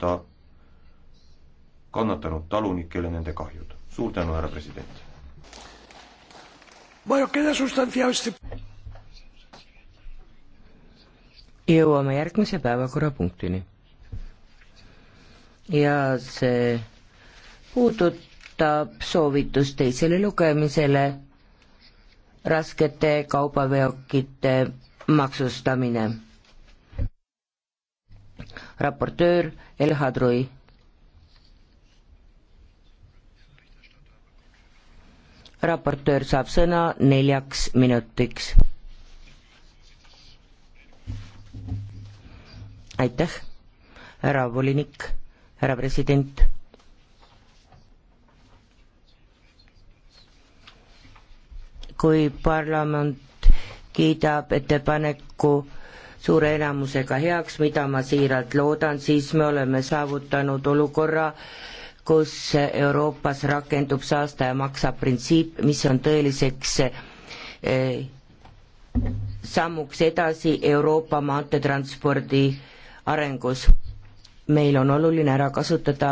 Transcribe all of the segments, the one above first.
ta kannatanud talunikele nende kahjud. suur tänu, härra president! jõuame järgmise päevakorrapunktini. ja see puudutab soovitust teisele lugemisele raskete kaubaveokite maksustamine raportöör El Hadrui. raportöör saab sõna neljaks minutiks. aitäh, härra volinik, härra president kui parlament kiidab ettepaneku suure enamusega heaks, mida ma siiralt loodan, siis me oleme saavutanud olukorra, kus Euroopas rakendub saastaja maksab printsiip, mis on tõeliseks eh, sammuks edasi Euroopa maanteetranspordi arengus meil on oluline ära kasutada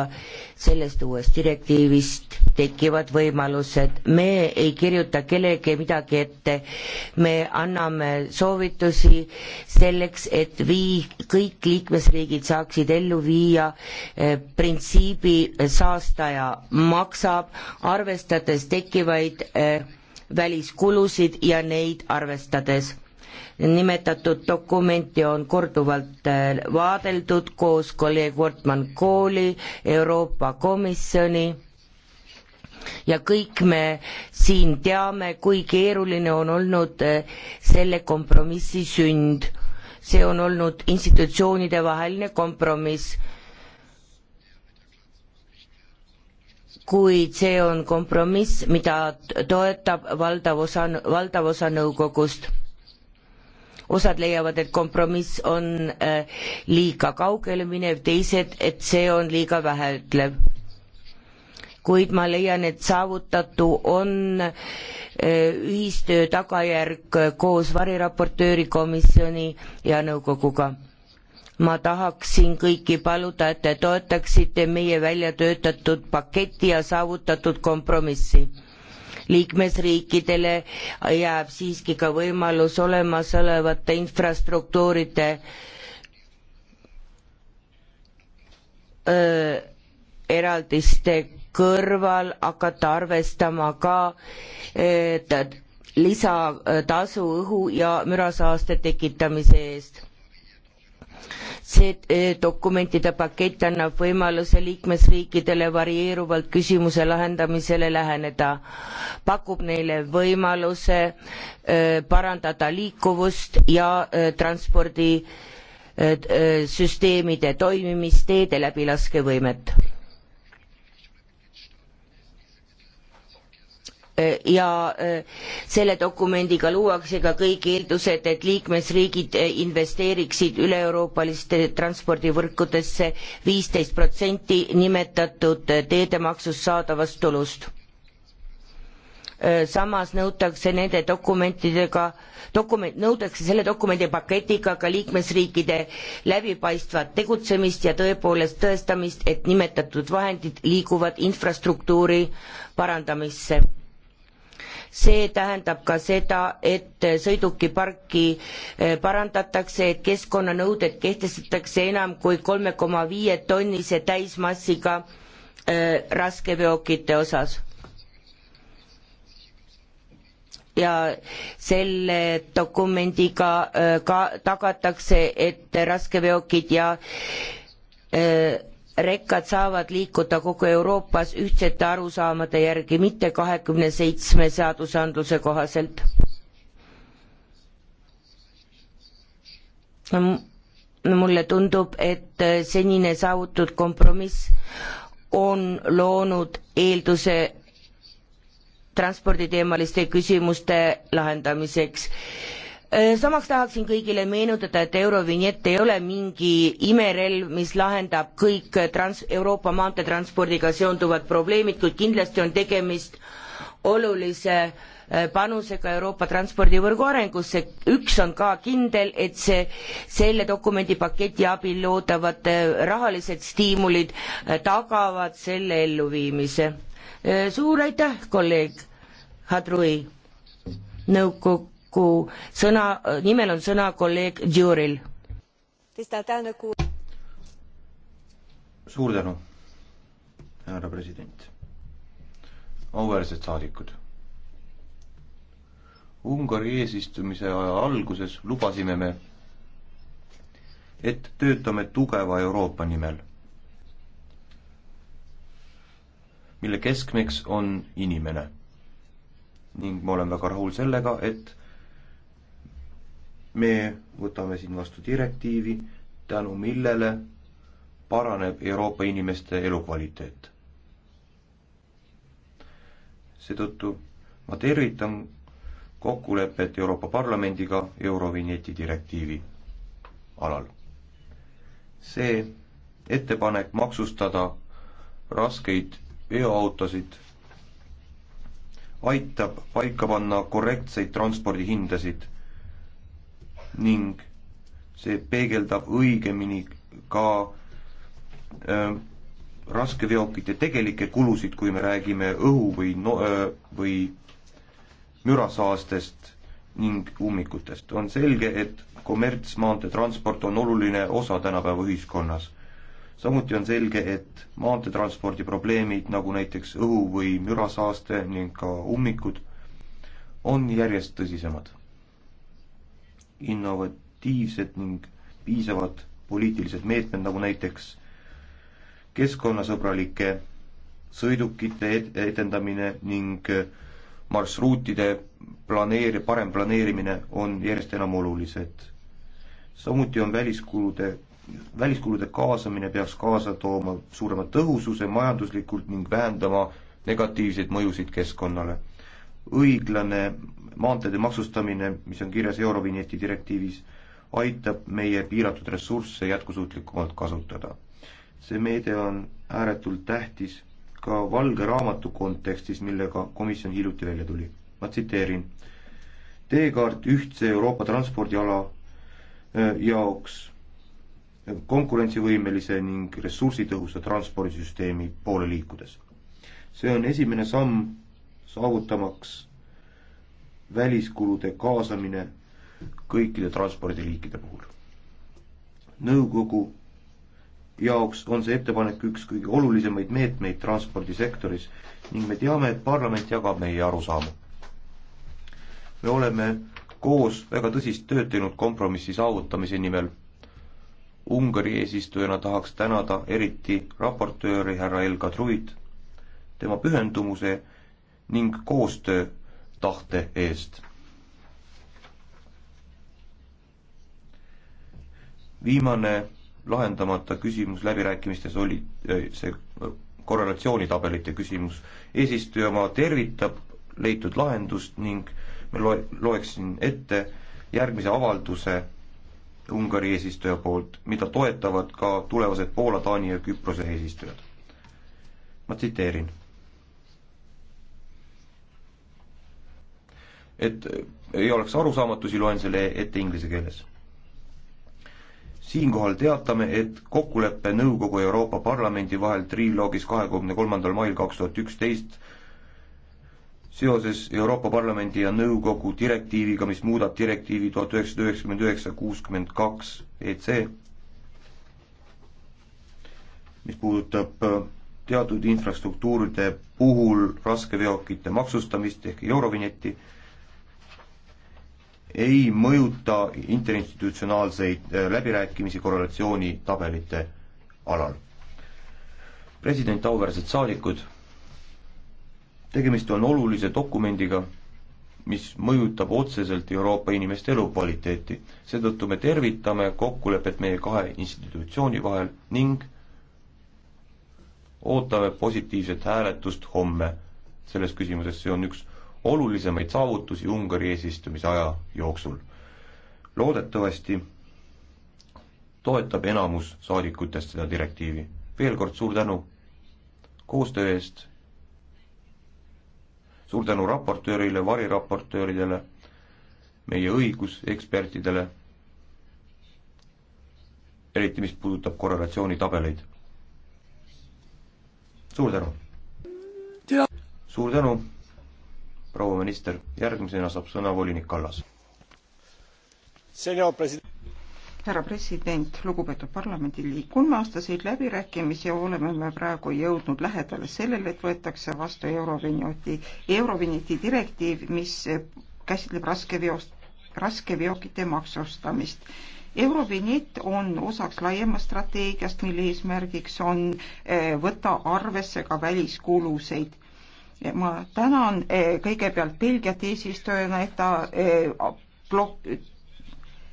sellest uuest direktiivist tekivad võimalused, me ei kirjuta kellegi midagi ette, me anname soovitusi selleks, et vii-, kõik liikmesriigid saaksid ellu viia eh, printsiibi eh, saastaja maksab, arvestades tekkivaid eh, väliskulusid ja neid arvestades nimetatud dokumenti on korduvalt äh, vaadeldud koos kolleeg Wortmann Kooli, Euroopa Komisjoni ja kõik me siin teame, kui keeruline on olnud äh, selle kompromissi sünd. see on olnud institutsioonide vaheline kompromiss kuid see on kompromiss, mida toetab valdav osa, valdav osa nõukogust osad leiavad, et kompromiss on äh, liiga kaugele minev, teised, et see on liiga väheütlev. kuid ma leian, et saavutatu on äh, ühistöö tagajärg koos variraportööri komisjoni ja nõukoguga ma tahaksin kõiki paluda, et te toetaksite meie välja töötatud paketti ja saavutatud kompromissi liikmesriikidele jääb siiski ka võimalus olemasolevate infrastruktuuride öö, eraldiste kõrval hakata arvestama ka öö, lisatasu õhu ja mürasaaste tekitamise eest see eh, dokumentide pakett annab võimaluse liikmesriikidele varieeruvalt küsimuse lahendamisele läheneda, pakub neile võimaluse eh, parandada liikuvust ja eh, transpordisüsteemide toimimist, teede läbilaskevõimet Äh, ja äh, selle dokumendiga luuakse ka kõik eeldused, et liikmesriigid äh, investeeriksid üle-euroopaliste transpordivõrkudesse viisteist protsenti nimetatud teedemaksust saadavast tulust. samas nõutakse nende dokumentidega, dokument, nõutakse selle dokumendipaketiga ka liikmesriikide läbipaistvat tegutsemist ja tõepoolest tõestamist, et nimetatud vahendid liiguvad infrastruktuuri parandamisse see tähendab ka seda, et sõidukiparki eh, parandatakse, et keskkonnanõuded kehtestatakse enam kui kolme koma viie tonnise täismassiga eh, raskeveokite osas ja selle dokumendiga eh, ka tagatakse, et raskeveokid ja äh, rekkad saavad liikuda kogu Euroopas ühtsete arusaamade järgi, mitte kahekümne seitsme seadusandluse kohaselt. mulle tundub, et senine saavutatud kompromiss on loonud eelduse transporditeemaliste küsimuste lahendamiseks Äh, samaks tahaksin kõigile meenutada, et Eurovinjett ei ole mingi imerelv, mis lahendab kõik trans-, Euroopa maanteetranspordiga seonduvad probleemid, kuid kindlasti on tegemist olulise äh, panusega Euroopa transpordivõrgu arengusse. üks on ka kindel, et see, selle dokumendipaketi abil loodavad äh, rahalised stiimulid tagavad selle elluviimise. suur aitäh, kolleeg Hadrui, nõukogu kuhu sõna, nimel on sõna kolleeg Djuril. suur tänu, härra president. auväärsed saadikud. Ungari eesistumise aja alguses lubasime me, et töötame tugeva Euroopa nimel, mille keskmeks on inimene ning ma olen väga rahul sellega, et me võtame siin vastu direktiivi, tänu millele paraneb Euroopa inimeste elukvaliteet. seetõttu ma tervitan kokkulepet Euroopa Parlamendiga Eurovinjeti direktiivi alal. see ettepanek maksustada raskeid veoautosid aitab paika panna korrektseid transpordihindasid ning see peegeldab õigemini ka öö, äh, raskeveokite tegelikke kulusid, kui me räägime õhu või no, öö, äh, või mürasaastest ning ummikutest. on selge, et kommertsmaanteetransport on oluline osa tänapäeva ühiskonnas. samuti on selge, et maanteetranspordi probleemid, nagu näiteks õhu- või mürasaaste ning ka ummikud, on järjest tõsisemad innovatiivsed ning piisavad poliitilised meetmed, nagu näiteks keskkonnasõbralike sõidukite etendamine ning marsruutide planeeri-, parem planeerimine on järjest enam olulised. samuti on väliskulude, väliskulude kaasamine peaks kaasa tooma suurema tõhususe majanduslikult ning vähendama negatiivseid mõjusid keskkonnale õiglane maanteede maksustamine, mis on kirjas Eurovinjeti direktiivis, aitab meie piiratud ressursse jätkusuutlikumalt kasutada. see meede on ääretult tähtis ka valge raamatu kontekstis, millega komisjon hiljuti välja tuli. ma tsiteerin, teekaart ühtse Euroopa transpordiala äh, jaoks konkurentsivõimelise ning ressursitõhusa transpordisüsteemi poole liikudes. see on esimene samm saavutamaks väliskulude kaasamine kõikide transpordiliikide puhul. nõukogu jaoks on see ettepanek üks kõige olulisemaid meetmeid transpordisektoris ning me teame, et parlament jagab meie arusaamu. me oleme koos väga tõsist tööd teinud kompromissi saavutamise nimel. Ungari eesistujana tahaks tänada eriti raportööri härra Elka Truid tema pühendumuse ning koostöö tahte eest. viimane lahendamata küsimus läbirääkimistes oli äh, see äh, korrelatsioonitabelite küsimus. eesistuja oma tervitab leitud lahendust ning ma loe, loeksin ette järgmise avalduse Ungari eesistuja poolt, mida toetavad ka tulevased Poola, Taani ja Küprose eesistujad. ma tsiteerin et ei oleks arusaamatusi, loen selle ette inglise keeles. siinkohal teatame, et kokkulepe Nõukogu Euroopa Parlamendi vahel triloogis kahekümne kolmandal mail kaks tuhat üksteist seoses Euroopa Parlamendi ja Nõukogu direktiiviga, mis muudab direktiivi tuhat üheksasada üheksakümmend üheksa kuuskümmend kaks EC, mis puudutab äh, teatud infrastruktuuride puhul raskeveokite maksustamist ehk Eurovinjetti ei mõjuta interinstitutsionaalseid äh, läbirääkimisi korrelatsiooni tabelite alal. president, auväärsed saadikud, tegemist on olulise dokumendiga, mis mõjutab otseselt Euroopa inimeste elukvaliteeti. seetõttu me tervitame kokkulepet meie kahe institutsiooni vahel ning ootame positiivset hääletust homme selles küsimuses, see on üks olulisemaid saavutusi Ungari eesistumise aja jooksul. loodetavasti toetab enamus saadikutest seda direktiivi. veel kord suur tänu koostöö eest, suur tänu raportöörile, variraportööridele, meie õigusekspertidele, eriti mis puudutab korrelatsioonitabeleid. suur tänu! suur tänu! proua minister, järgmisena saab sõna volinik Kallas. härra president, lugupeetud parlamendiliik, kolme aastaseid läbirääkimisi oleme me praegu jõudnud lähedale sellele, et võetakse vastu Eurovinjoti, Eurovinjeti direktiiv, mis käsitleb raskeveost, raskeveokite maksustamist Eurovinjett on osaks laiemast strateegiast, mille eesmärgiks on eh, võtta arvesse ka väliskulusid ma tänan eh, kõigepealt Belgiat eesistujana, et ta blok-, eh,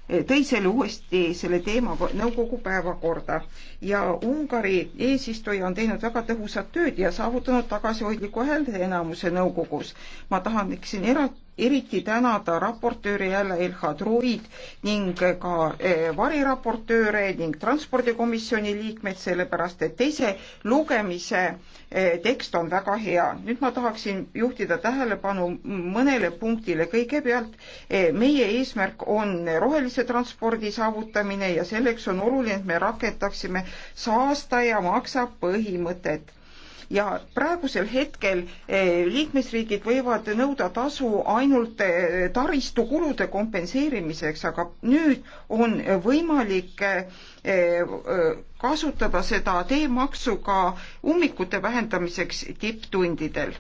eh, tõi selle uuesti, selle teema nõukogu päevakorda ja Ungari eesistuja on teinud väga tõhusat tööd ja saavutanud tagasihoidliku häälteenamuse nõukogus. ma tahaksin eraldi eriti tänada raportööri jälle Elha Truid ning ka eh, variraportööre ning transpordikomisjoni liikmeid, sellepärast et teise lugemise eh, tekst on väga hea. nüüd ma tahaksin juhtida tähelepanu mõnele punktile. kõigepealt eh, meie eesmärk on rohelise transpordi saavutamine ja selleks on oluline, et me rakendaksime saastaja maksab põhimõtet ja praegusel hetkel eh, liikmesriigid võivad nõuda tasu ainult eh, taristukulude kompenseerimiseks, aga nüüd on võimalik eh, kasutada seda teemaksu ka ummikute vähendamiseks tipptundidel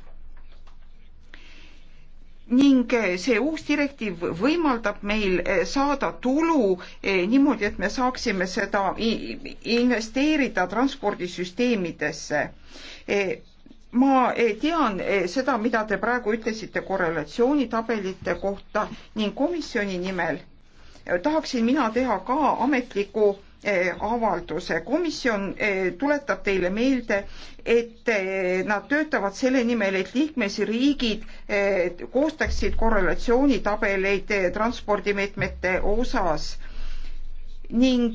ning eh, see uus direktiiv võimaldab meil eh, saada tulu eh, niimoodi, et me saaksime seda investeerida transpordisüsteemidesse. ma tean seda, mida te praegu ütlesite korrelatsioonitabelite kohta ning komisjoni nimel tahaksin mina teha ka ametliku E, avalduse. komisjon e, tuletab teile meelde, et e, nad töötavad selle nimel, et liikmesriigid koostaksid korrelatsioonitabeleid transpordimeetmete osas ning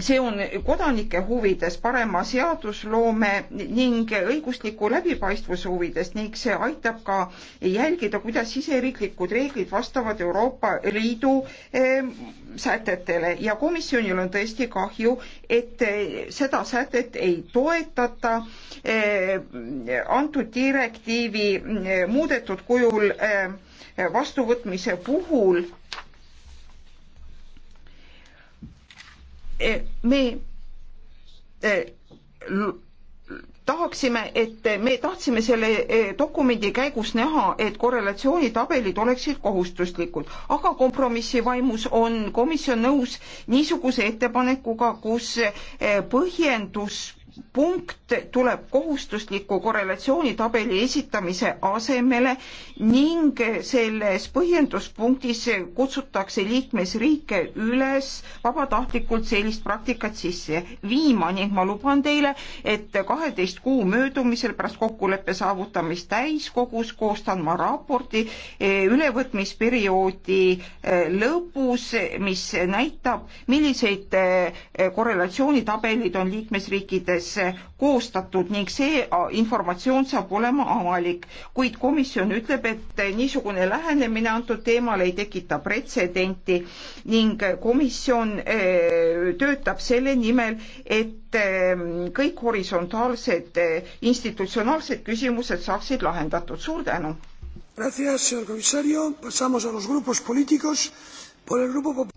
see on kodanike huvides, parema seadusloome ning õigusliku läbipaistvuse huvides ning see aitab ka jälgida, kuidas siseriiklikud reeglid vastavad Euroopa Liidu ehm, sätetele ja komisjonil on tõesti kahju, et eh, seda sätet ei toetata ehm, antud direktiivi eh, muudetud kujul ehm, vastuvõtmise puhul me e, tahaksime, et me tahtsime selle e, dokumendi käigus näha, et korrelatsioonitabelid oleksid kohustuslikud, aga kompromissi vaimus on komisjon nõus niisuguse ettepanekuga, kus e, põhjendus punkt tuleb kohustusliku korrelatsioonitabeli esitamise asemele ning selles põhjenduspunktis kutsutakse liikmesriike üles vabatahtlikult sellist praktikat sisse viima ning ma luban teile, et kaheteist kuu möödumisel pärast kokkuleppe saavutamist täiskogus koostan ma raporti eh, ülevõtmisperioodi eh, lõpus, mis näitab, milliseid eh, korrelatsioonitabelid on liikmesriikides kokkuvõttes koostatud ning see informatsioon saab olema avalik, kuid komisjon ütleb, et niisugune lähenemine antud teemal ei tekita pretsedenti ning komisjon e, töötab selle nimel, et e, kõik horisontaalsed e, institutsionaalsed küsimused saaksid lahendatud. suur tänu!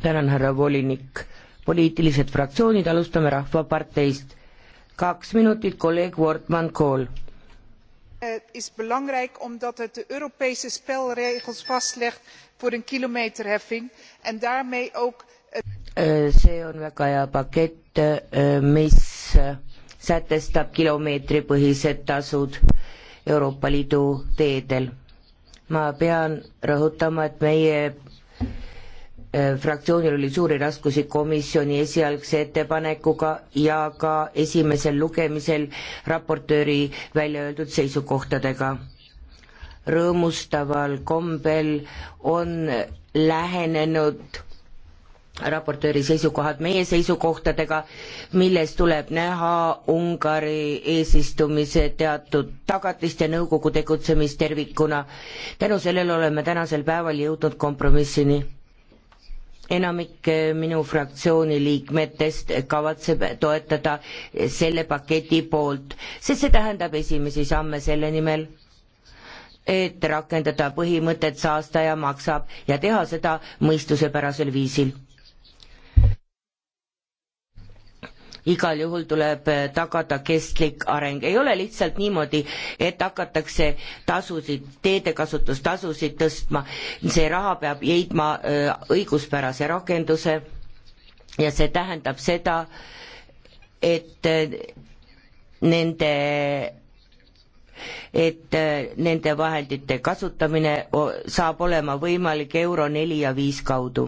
tänan, härra volinik. poliitilised fraktsioonid, alustame Rahvaparteist kaks minutit, kolleeg Wortmann Kool eh, is belangrijk omdat het de europese spelregels vastlegt voor een kilometerheffing en daarmee ook. Eh, eh, see on väga hea pakett mis sätestab kilomeetripõhised tasud euroopa liidu teedel ma pean rõhutama et meie Äh, fraktsioonil oli suuri raskusi komisjoni esialgse ettepanekuga ja ka esimesel lugemisel raportööri välja öeldud seisukohtadega. rõõmustaval kombel on lähenenud raportööri seisukohad meie seisukohtadega, milles tuleb näha Ungari eesistumise teatud tagatist ja nõukogu tegutsemist tervikuna. tänu sellele oleme tänasel päeval jõudnud kompromissini enamik eh, minu fraktsiooni liikmetest kavatseb toetada selle paketi poolt, sest see tähendab esimesi samme selle nimel, et rakendada põhimõtet saastaja maksab ja teha seda mõistusepärasel viisil igal juhul tuleb äh, tagada kestlik areng, ei ole lihtsalt niimoodi, et hakatakse tasusid, teedekasutustasusid tõstma, see raha peab leidma äh, õiguspärase rakenduse ja see tähendab seda, et äh, nende et nende vahendite kasutamine saab olema võimalik Euro neli ja viis kaudu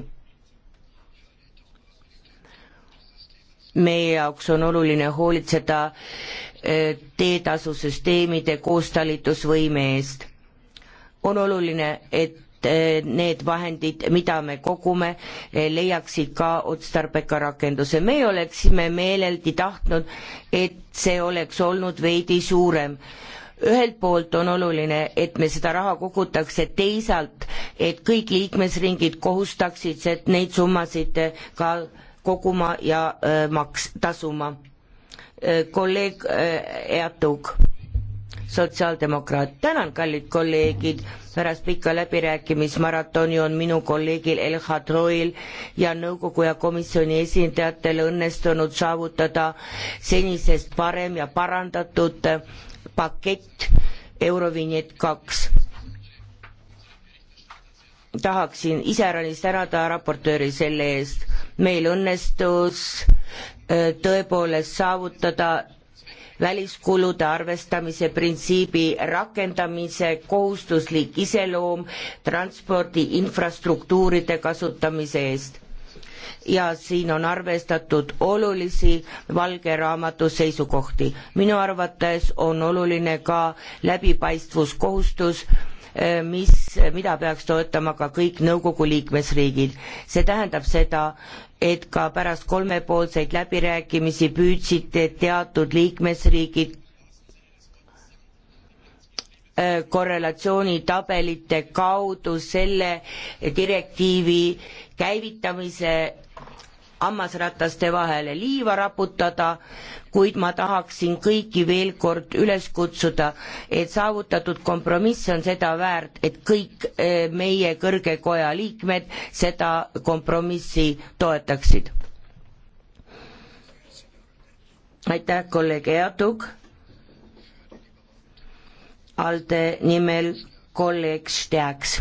meie jaoks on oluline hoolitseda äh, teetasusüsteemide koostalitusvõime eest. on oluline, et äh, need vahendid, mida me kogume, äh, leiaksid ka otstarbeka rakenduse. meie oleksime meeleldi tahtnud, et see oleks olnud veidi suurem. ühelt poolt on oluline, et me seda raha kogutakse, teisalt, et kõik liikmesringid kohustaksid neid summasid ka koguma ja äh, maks-, tasuma. Äh, kolleeg äh, Eatug, sotsiaaldemokraat, tänan, kallid kolleegid, pärast pika läbirääkimismaratoni on minu kolleegil Elhad Roil ja nõukogu ja komisjoni esindajatel õnnestunud saavutada senisest parem ja parandatud pakett Eurovinjett kaks tahaksin iseäranis tänada raportööri selle eest meil õnnestus tõepoolest saavutada väliskulude arvestamise printsiibi rakendamise kohustuslik iseloom transpordi infrastruktuuride kasutamise eest. ja siin on arvestatud olulisi Valge Raamatu seisukohti. minu arvates on oluline ka läbipaistvuskohustus, mis, mida peaks toetama ka kõik nõukogu liikmesriigid. see tähendab seda, et ka pärast kolmepoolseid läbirääkimisi püüdsite teatud liikmesriigid äh, korrelatsioonitabelite kaudu selle direktiivi käivitamise hammasrataste vahele liiva raputada, kuid ma tahaksin kõiki veel kord üles kutsuda, et saavutatud kompromiss on seda väärt, et kõik eh, meie kõrge koja liikmed seda kompromissi toetaksid. aitäh, kolleeg Eatug. ALDE nimel kolleeg Stärks.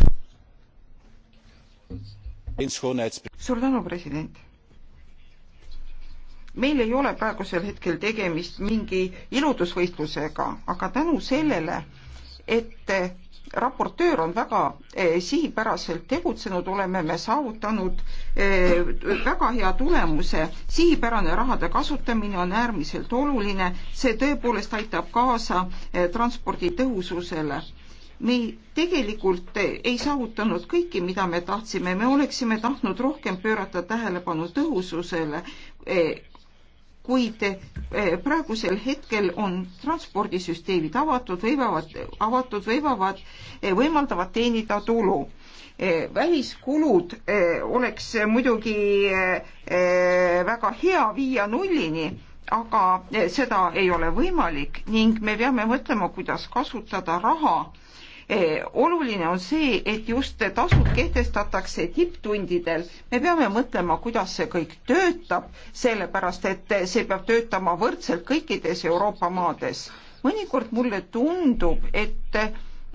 suur tänu, president meil ei ole praegusel hetkel tegemist mingi iludusvõistlusega, aga tänu sellele, et raportöör on väga eh, sihipäraselt tegutsenud, oleme me saavutanud eh, väga hea tulemuse. sihipärane rahade kasutamine on äärmiselt oluline, see tõepoolest aitab kaasa eh, transpordi tõhususele me tegelikult ei saavutanud kõike, mida me tahtsime, me oleksime tahtnud rohkem pöörata tähelepanu tõhususele, kuid eh, praegusel hetkel on transpordisüsteemid avatud, võivad, avatud, võivavad, eh, võimaldavad teenida tulu. Eh, väliskulud oleks muidugi väga hea viia nullini, aga seda ei ole võimalik ning me peame mõtlema, kuidas kasutada raha Eh, oluline on see, et just tasud kehtestatakse tipptundidel. me peame mõtlema, kuidas see kõik töötab, sellepärast et see peab töötama võrdselt kõikides Euroopa maades. mõnikord mulle tundub, et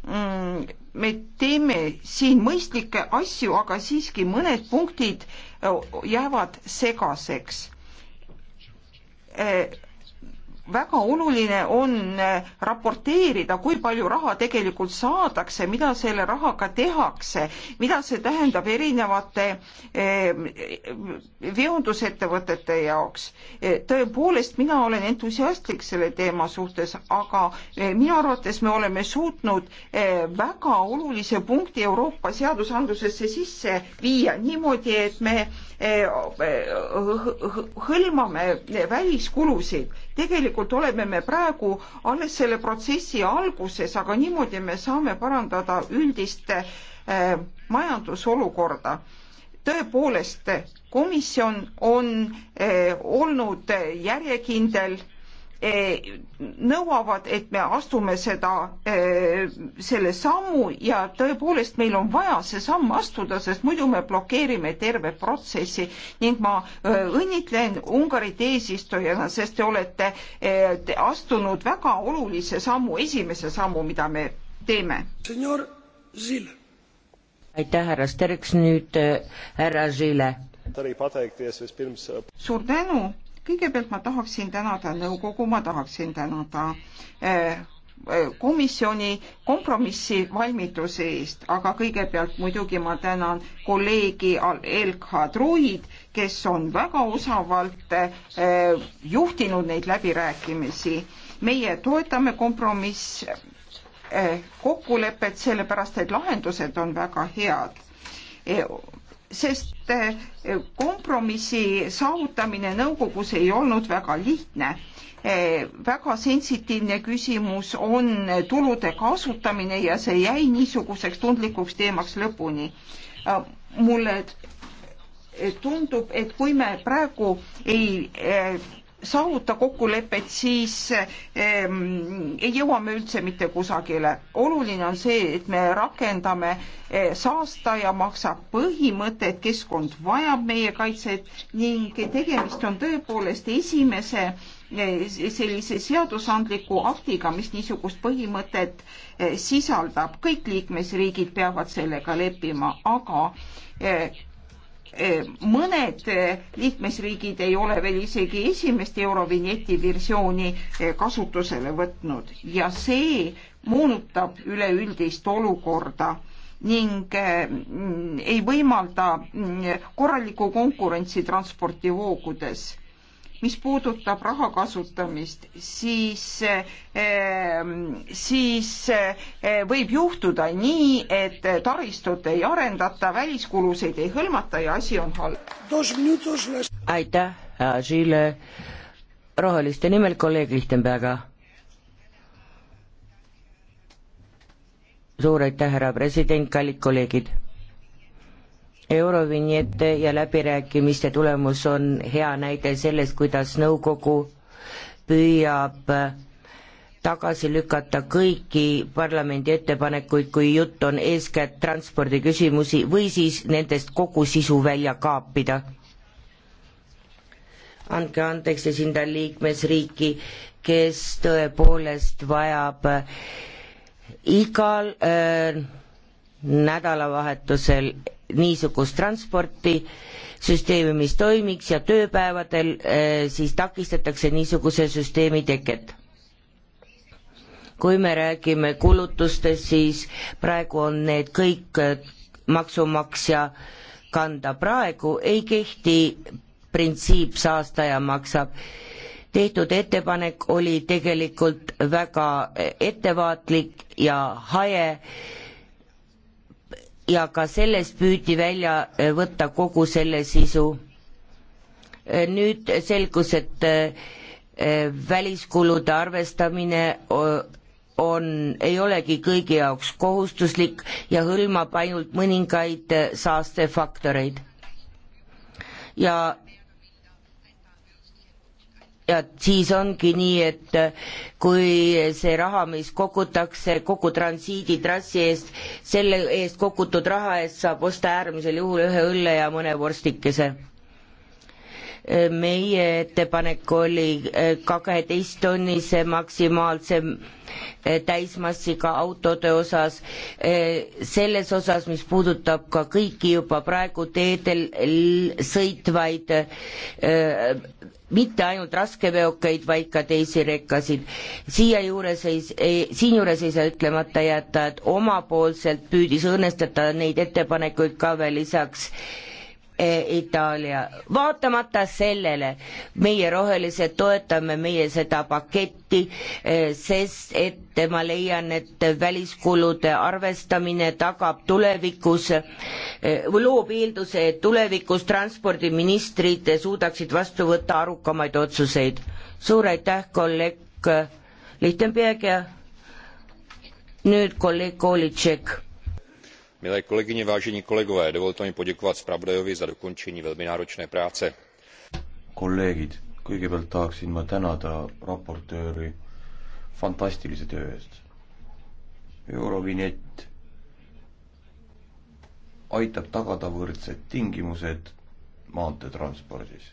mm, me teeme siin mõistlikke asju, aga siiski mõned punktid eh, jäävad segaseks eh, väga oluline on raporteerida, kui palju raha tegelikult saadakse, mida selle rahaga tehakse, mida see tähendab erinevate veondusettevõtete jaoks. tõepoolest, mina olen entusiastlik selle teema suhtes, aga minu arvates me oleme suutnud väga olulise punkti Euroopa seadusandlusesse sisse viia niimoodi, et me hõlmame väliskulusid tegelikult oleme me praegu alles selle protsessi alguses, aga niimoodi me saame parandada üldist äh, majandusolukorda. tõepoolest, komisjon on äh, olnud järjekindel Eh, nõuavad, et me astume seda, eh, selle sammu ja tõepoolest meil on vaja see samm astuda, sest muidu me blokeerime terve protsessi ning ma eh, õnnitlen Ungarit eesistujana, sest te olete te astunud väga olulise sammu, esimese sammu, mida me teeme. aitäh, härra Sterks, nüüd härra Zile. suur tänu kõigepealt ma tahaksin tänada nõukogu, ma tahaksin tänada eh, eh, komisjoni kompromissi valmiduse eest, aga kõigepealt muidugi ma tänan kolleegi LK Truid, kes on väga osavalt eh, juhtinud neid läbirääkimisi. meie toetame kompromiss kokkulepet, sellepärast et lahendused on väga head sest eh, kompromissi saavutamine nõukogus ei olnud väga lihtne. Eh, väga sensitiivne küsimus on tulude kasutamine ja see jäi niisuguseks tundlikuks teemaks lõpuni. Eh, mulle tundub, et kui me praegu ei saavuta kokkulepet, siis ähm, ei jõua me üldse mitte kusagile. oluline on see, et me rakendame e, saastaja maksab põhimõtet, keskkond vajab meie kaitset ning tegemist on tõepoolest esimese e, sellise seadusandliku aktiga, mis niisugust põhimõtet e, sisaldab. kõik liikmesriigid peavad sellega leppima, aga mõned e, liikmesriigid ei ole veel isegi esimest Eurovinjeti versiooni e, kasutusele võtnud ja see moonutab üleüldist olukorda ning e, ei võimalda korralikku konkurentsi transpordivoogudes mis puudutab raha kasutamist, siis, ehm, siis eh, võib juhtuda nii, et taristut ei arendata, väliskulusid ei hõlmata ja asi on halb. aitäh, hea Žile, roheliste nimel kolleeg Lichtenberga. suur aitäh, härra president, kallid kolleegid Eurovinjette ja läbirääkimiste tulemus on hea näide sellest, kuidas nõukogu püüab tagasi lükata kõiki parlamendi ettepanekuid, kui jutt on eeskätt transpordiküsimusi või siis nendest kogu sisu välja kaapida. andke andeks, esindan liikmesriiki, kes tõepoolest vajab igal öö, äh, nädalavahetusel niisugust transporti, süsteemi, mis toimiks ja tööpäevadel eh, siis takistatakse niisuguse süsteemi teket. kui me räägime kulutustest, siis praegu on need kõik eh, maksumaksja kanda, praegu ei kehti printsiip saastaja maksab tehtud ettepanek oli tegelikult väga eh, ettevaatlik ja haje ja ka sellest püüti välja eh, võtta kogu selle sisu. Eh, nüüd selgus, et eh, väliskulude arvestamine on, ei olegi kõigi jaoks kohustuslik ja hõlmab ainult mõningaid saastefaktoreid. ja ja siis ongi nii, et äh, kui see raha, mis kogutakse kogu transiiditrassi eest, selle eest kogutud raha eest saab osta äärmisel juhul ühe õlle ja mõne vorstikese. Äh, meie ettepanek oli äh, kaheteist tonnise maksimaalse Eh, täismassiga autode osas, eh, selles osas, mis puudutab ka kõiki juba praegu teedel sõitvaid eh, mitte ainult raskeveokeid, vaid ka teisi rekkasid. siia juures ei, ei, siinjuures ei saa ütlemata jätta, et omapoolselt püüdis õõnestada neid ettepanekuid ka veel lisaks äh, E Itaalia. vaatamata sellele meie rohelised toetame meie seda paketti, e, sest et ma leian, et väliskulude arvestamine tagab tulevikus, e, loob eelduse, et tulevikus transpordiministrid suudaksid vastu võtta arukamaid otsuseid. suur aitäh, kolleeg Lichtenberg ja nüüd kolleeg Kolitšek milé kolegyně vážení kolegové dovolte mi poděkovat zpravodajovi za dokončení velmi náročné práce. kolleegid kõigepealt tahaksin ma tänada raportööri fantastilise töö eest. Eurovinjett aitab tagada võrdsed tingimused maanteetranspordis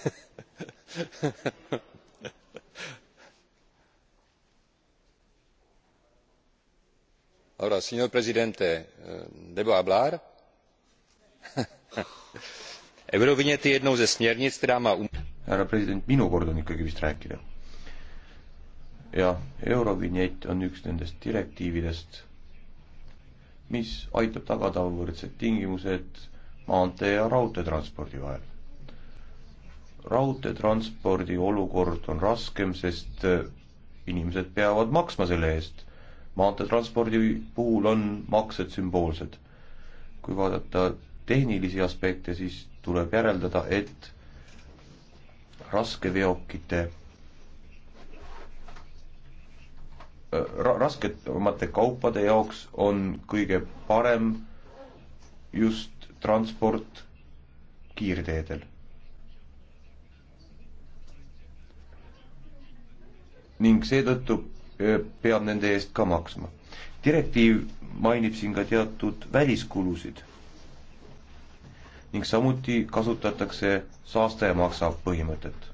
señor presidente eh, debo hablar? eurovignette je jednou ze směrnic která má. Um- härra president minu kord on ikkagi vist rääkida. jah eurovignett on üks nendest direktiividest mis aitab tagada võrdsed tingimused maantee ja raudteetranspordi vahel. raudteetranspordi olukord on raskem, sest eh, inimesed peavad maksma selle eest maanteetranspordi puhul on maksed sümboolsed. kui vaadata tehnilisi aspekte, siis tuleb järeldada, et raskeveokite ra-, raskemate kaupade jaoks on kõige parem just transport kiirteedel. ning seetõttu peab nende eest ka maksma. direktiiv mainib siin ka teatud väliskulusid ning samuti kasutatakse saastaja maksab põhimõtet.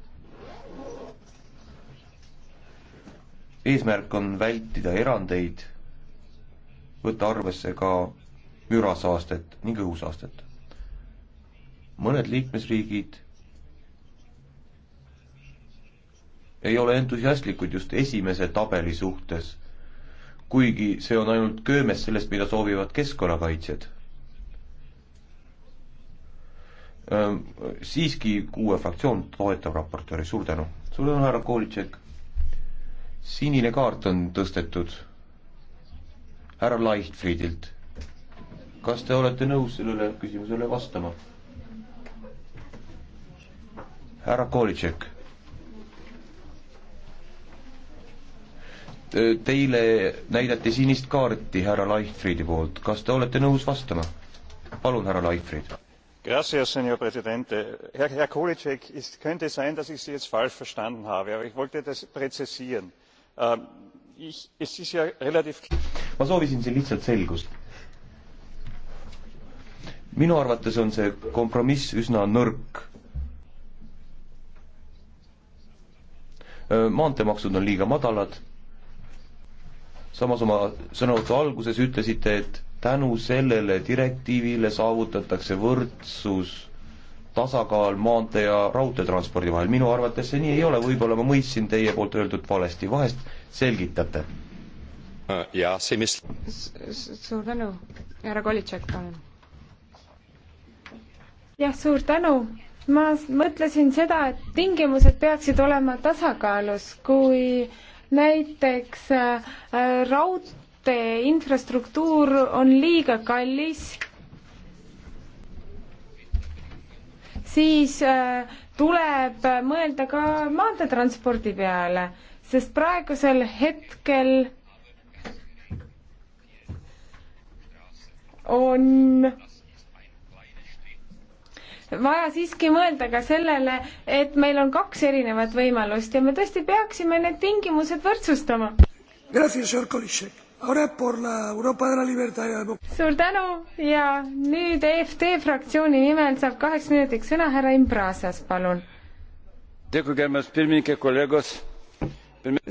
eesmärk on vältida erandeid, võtta arvesse ka mürasaastet ning õhusaastet. mõned liikmesriigid ei ole entusiastlikud just esimese tabeli suhtes, kuigi see on ainult köömes sellest, mida soovivad keskkonnakaitsjad. Siiski kuue fraktsioon toetab raportööri, suur tänu. suur tänu, härra Kolitšek. sinine kaart on tõstetud härra Leichtfriedilt. kas te olete nõus sellele küsimusele vastama? härra Kolitšek Äh, teile näidati sinist kaarti härra Leichfriedi poolt, kas te olete nõus vastama? palun, härra Leichfried. Gracias, señor presidente. Herr, Herr Kolicek, es könnte sein, dass ich Sie jetzt falsch verstanden habe, aber ich wollte das präzisieren. Ähm, ich, es ist ja relativ... ma soovisin siin lihtsalt selgust. minu arvates on see kompromiss üsna nõrk äh, maanteemaksud on liiga madalad samas oma sõnavõtu alguses ütlesite, et tänu sellele direktiivile saavutatakse võrdsus, tasakaal maantee ja raudteetranspordi vahel. minu arvates see nii ei ole, võib-olla ma mõistsin teie poolt öeldut valesti, vahest selgitate. Äh, jah, see mis suur tänu, härra Kolitšek, palun. jah, suur tänu ma mõtlesin seda, et tingimused peaksid olema tasakaalus, kui äh, näiteks äh, raudtee infrastruktuur on liiga kallis, siis äh, tuleb mõelda ka maanteetranspordi peale, sest praegusel hetkel on vaja siiski mõelda ka sellele, et meil on kaks erinevat võimalust ja me tõesti peaksime need tingimused võrdsustama. suur tänu ja nüüd EFT fraktsiooni nimel saab kaheks minutiks sõna härra Imbrasas, palun. tänan, härra esimees, kolleegid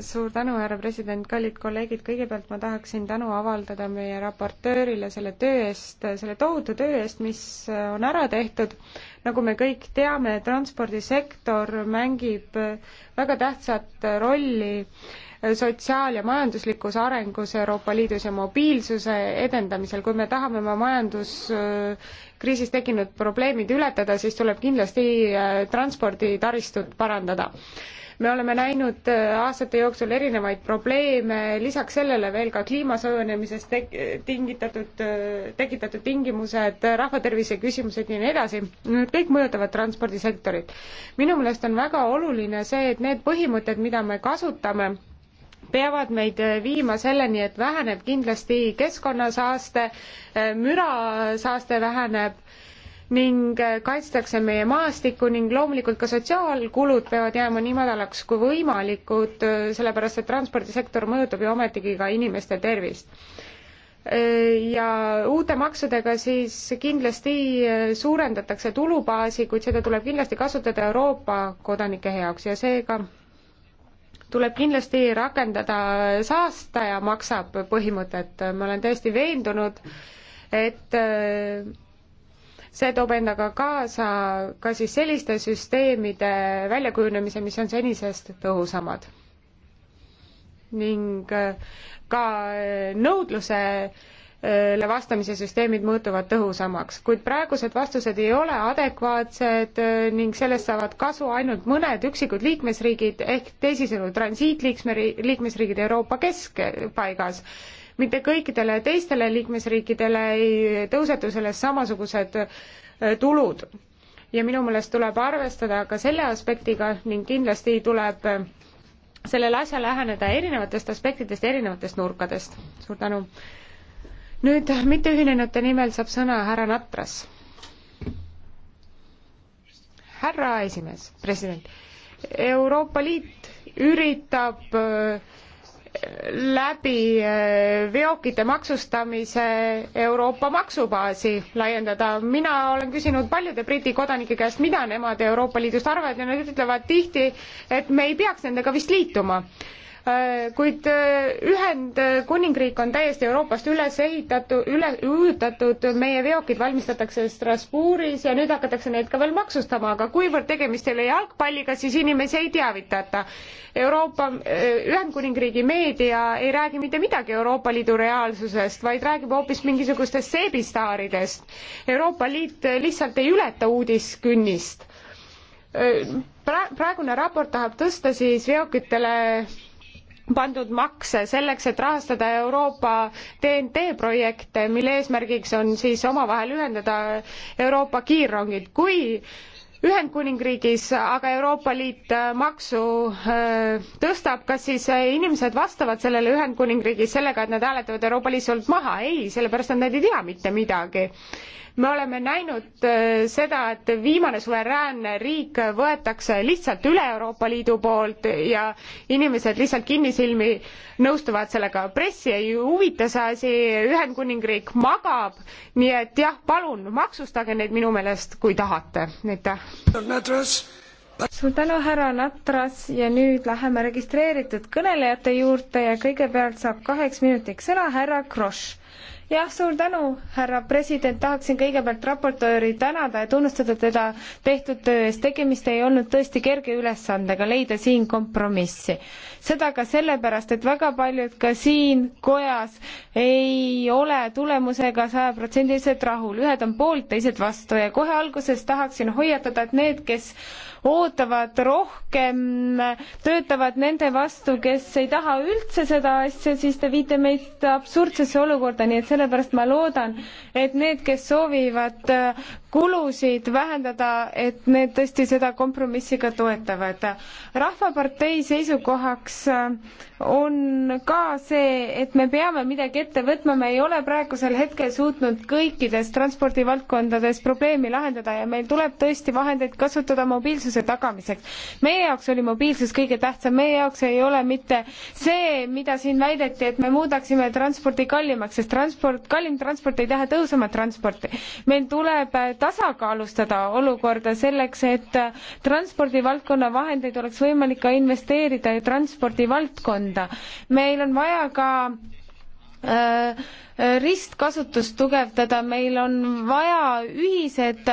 suur tänu, härra president, kallid kolleegid, kõigepealt ma tahaksin tänu avaldada meie raportöörile selle töö eest, selle tohutu töö eest, mis on ära tehtud. nagu me kõik teame, transpordisektor mängib väga tähtsat rolli sotsiaal- ja majanduslikus arengus Euroopa Liidus ja mobiilsuse edendamisel. kui me tahame oma majanduskriisis tekkinud probleemid ületada, siis tuleb kindlasti äh, transporditaristut parandada me oleme näinud äh, aastate jooksul erinevaid probleeme, lisaks sellele veel ka kliima soojenemisest tek-, tingitatud, äh, tekitatud tingimused, rahvatervise küsimused ja nii edasi, need kõik mõjutavad transpordisektorit. minu meelest on väga oluline see, et need põhimõtted, mida me kasutame, peavad meid äh, viima selleni, et väheneb kindlasti keskkonnasaaste, mürasaaste väheneb ning kaitstakse meie maastikku ning loomulikult ka sotsiaalkulud peavad jääma nii madalaks kui võimalikud, sellepärast et transpordisektor mõjutab ju ometigi ka inimeste tervist. ja uute maksudega siis kindlasti suurendatakse tulubaasi, kuid seda tuleb kindlasti kasutada Euroopa kodanike heaks ja seega tuleb kindlasti rakendada saastaja maksab põhimõtet, ma olen täiesti veendunud, et see toob endaga kaasa ka siis selliste süsteemide väljakujunemise, mis on senisest tõhusamad. ning äh, ka äh, nõudlusele vastamise süsteemid muutuvad tõhusamaks, kuid praegused vastused ei ole adekvaatsed äh, ning sellest saavad kasu ainult mõned üksikud liikmesriigid ehk teisisõnu transiitliikmesriigid Euroopa keskpaigas mitte kõikidele teistele liikmesriikidele ei tõusetu sellest samasugused äh, tulud. ja minu meelest tuleb arvestada ka selle aspektiga ning kindlasti tuleb äh, sellele asjale läheneda erinevatest aspektidest, erinevatest nurkadest. suur tänu. nüüd mitteühinenute nimel saab sõna härra Natras. härra esimees, president, Euroopa Liit üritab äh, läbi äh, veokite maksustamise Euroopa maksubaasi laiendada. mina olen küsinud paljude Briti kodanike käest, mida nemad Euroopa Liidust arvavad ja nad ütlevad tihti, et me ei peaks nendega vist liituma Äh, kuid äh, Ühendkuningriik on täiesti Euroopast üles ehitatud, üle ujutatud, meie veokid valmistatakse Strasbourgis ja nüüd hakatakse neid ka veel maksustama, aga kuivõrd tegemist ei ole jalgpalliga, siis inimesi ei teavitata. Euroopa, äh, Ühendkuningriigi meedia ei räägi mitte midagi Euroopa Liidu reaalsusest, vaid räägib hoopis mingisugustest seebistaaridest. Euroopa Liit lihtsalt ei ületa uudiskünnist praegune raport tahab tõsta siis veokitele pandud makse selleks, et rahastada Euroopa TNT projekte, mille eesmärgiks on siis omavahel ühendada Euroopa kiirrongid. kui Ühendkuningriigis aga Euroopa Liit äh, maksu äh, tõstab, kas siis äh, inimesed vastavad sellele Ühendkuningriigis sellega, et nad hääletavad Euroopa Liidult maha? ei, sellepärast et nad ei tea mitte midagi me oleme näinud äh, seda, et viimane suveräänne riik võetakse lihtsalt üle Euroopa Liidu poolt ja inimesed lihtsalt kinnisilmi nõustuvad sellega. pressi ei huvita see asi, Ühendkuningriik magab, nii et jah, palun maksustage neid minu meelest, kui tahate, aitäh suur tänu, härra Natras ja nüüd läheme registreeritud kõnelejate juurde ja kõigepealt saab kaheks minutiks sõna härra Kross. jah, suur tänu, härra president, tahaksin kõigepealt raportööri tänada ja tunnustada teda tehtud töö eest. tegemist ei olnud tõesti kerge ülesandega leida siin kompromissi. seda ka sellepärast, et väga paljud ka siin kojas ei ole tulemusega sajaprotsendiliselt rahul, ühed on poolt, teised vastu ja kohe alguses tahaksin hoiatada, et need, kes ootavad rohkem, töötavad nende vastu, kes ei taha üldse seda asja, siis te viite meid absurdsesse olukorda, nii et sellepärast ma loodan, et need, kes soovivad äh, kulusid vähendada, et need tõesti seda kompromissi ka toetavad. rahvapartei seisukohaks äh, on ka see, et me peame midagi ette võtma, me ei ole praegusel hetkel suutnud kõikides transpordivaldkondades probleemi lahendada ja meil tuleb tõesti vahendeid kasutada mobiilsuse mobiilsuse tagamiseks. meie jaoks oli mobiilsus kõige tähtsam, meie jaoks ei ole mitte see, mida siin väideti, et me muudaksime transpordi kallimaks, sest transport, kallim transport ei tähenda tõhusamat transporti. meil tuleb äh, tasakaalustada olukorda selleks, et äh, transpordivaldkonna vahendeid oleks võimalik ka investeerida ju transpordivaldkonda. meil on vaja ka äh, ristkasutust tugevdada, meil on vaja ühised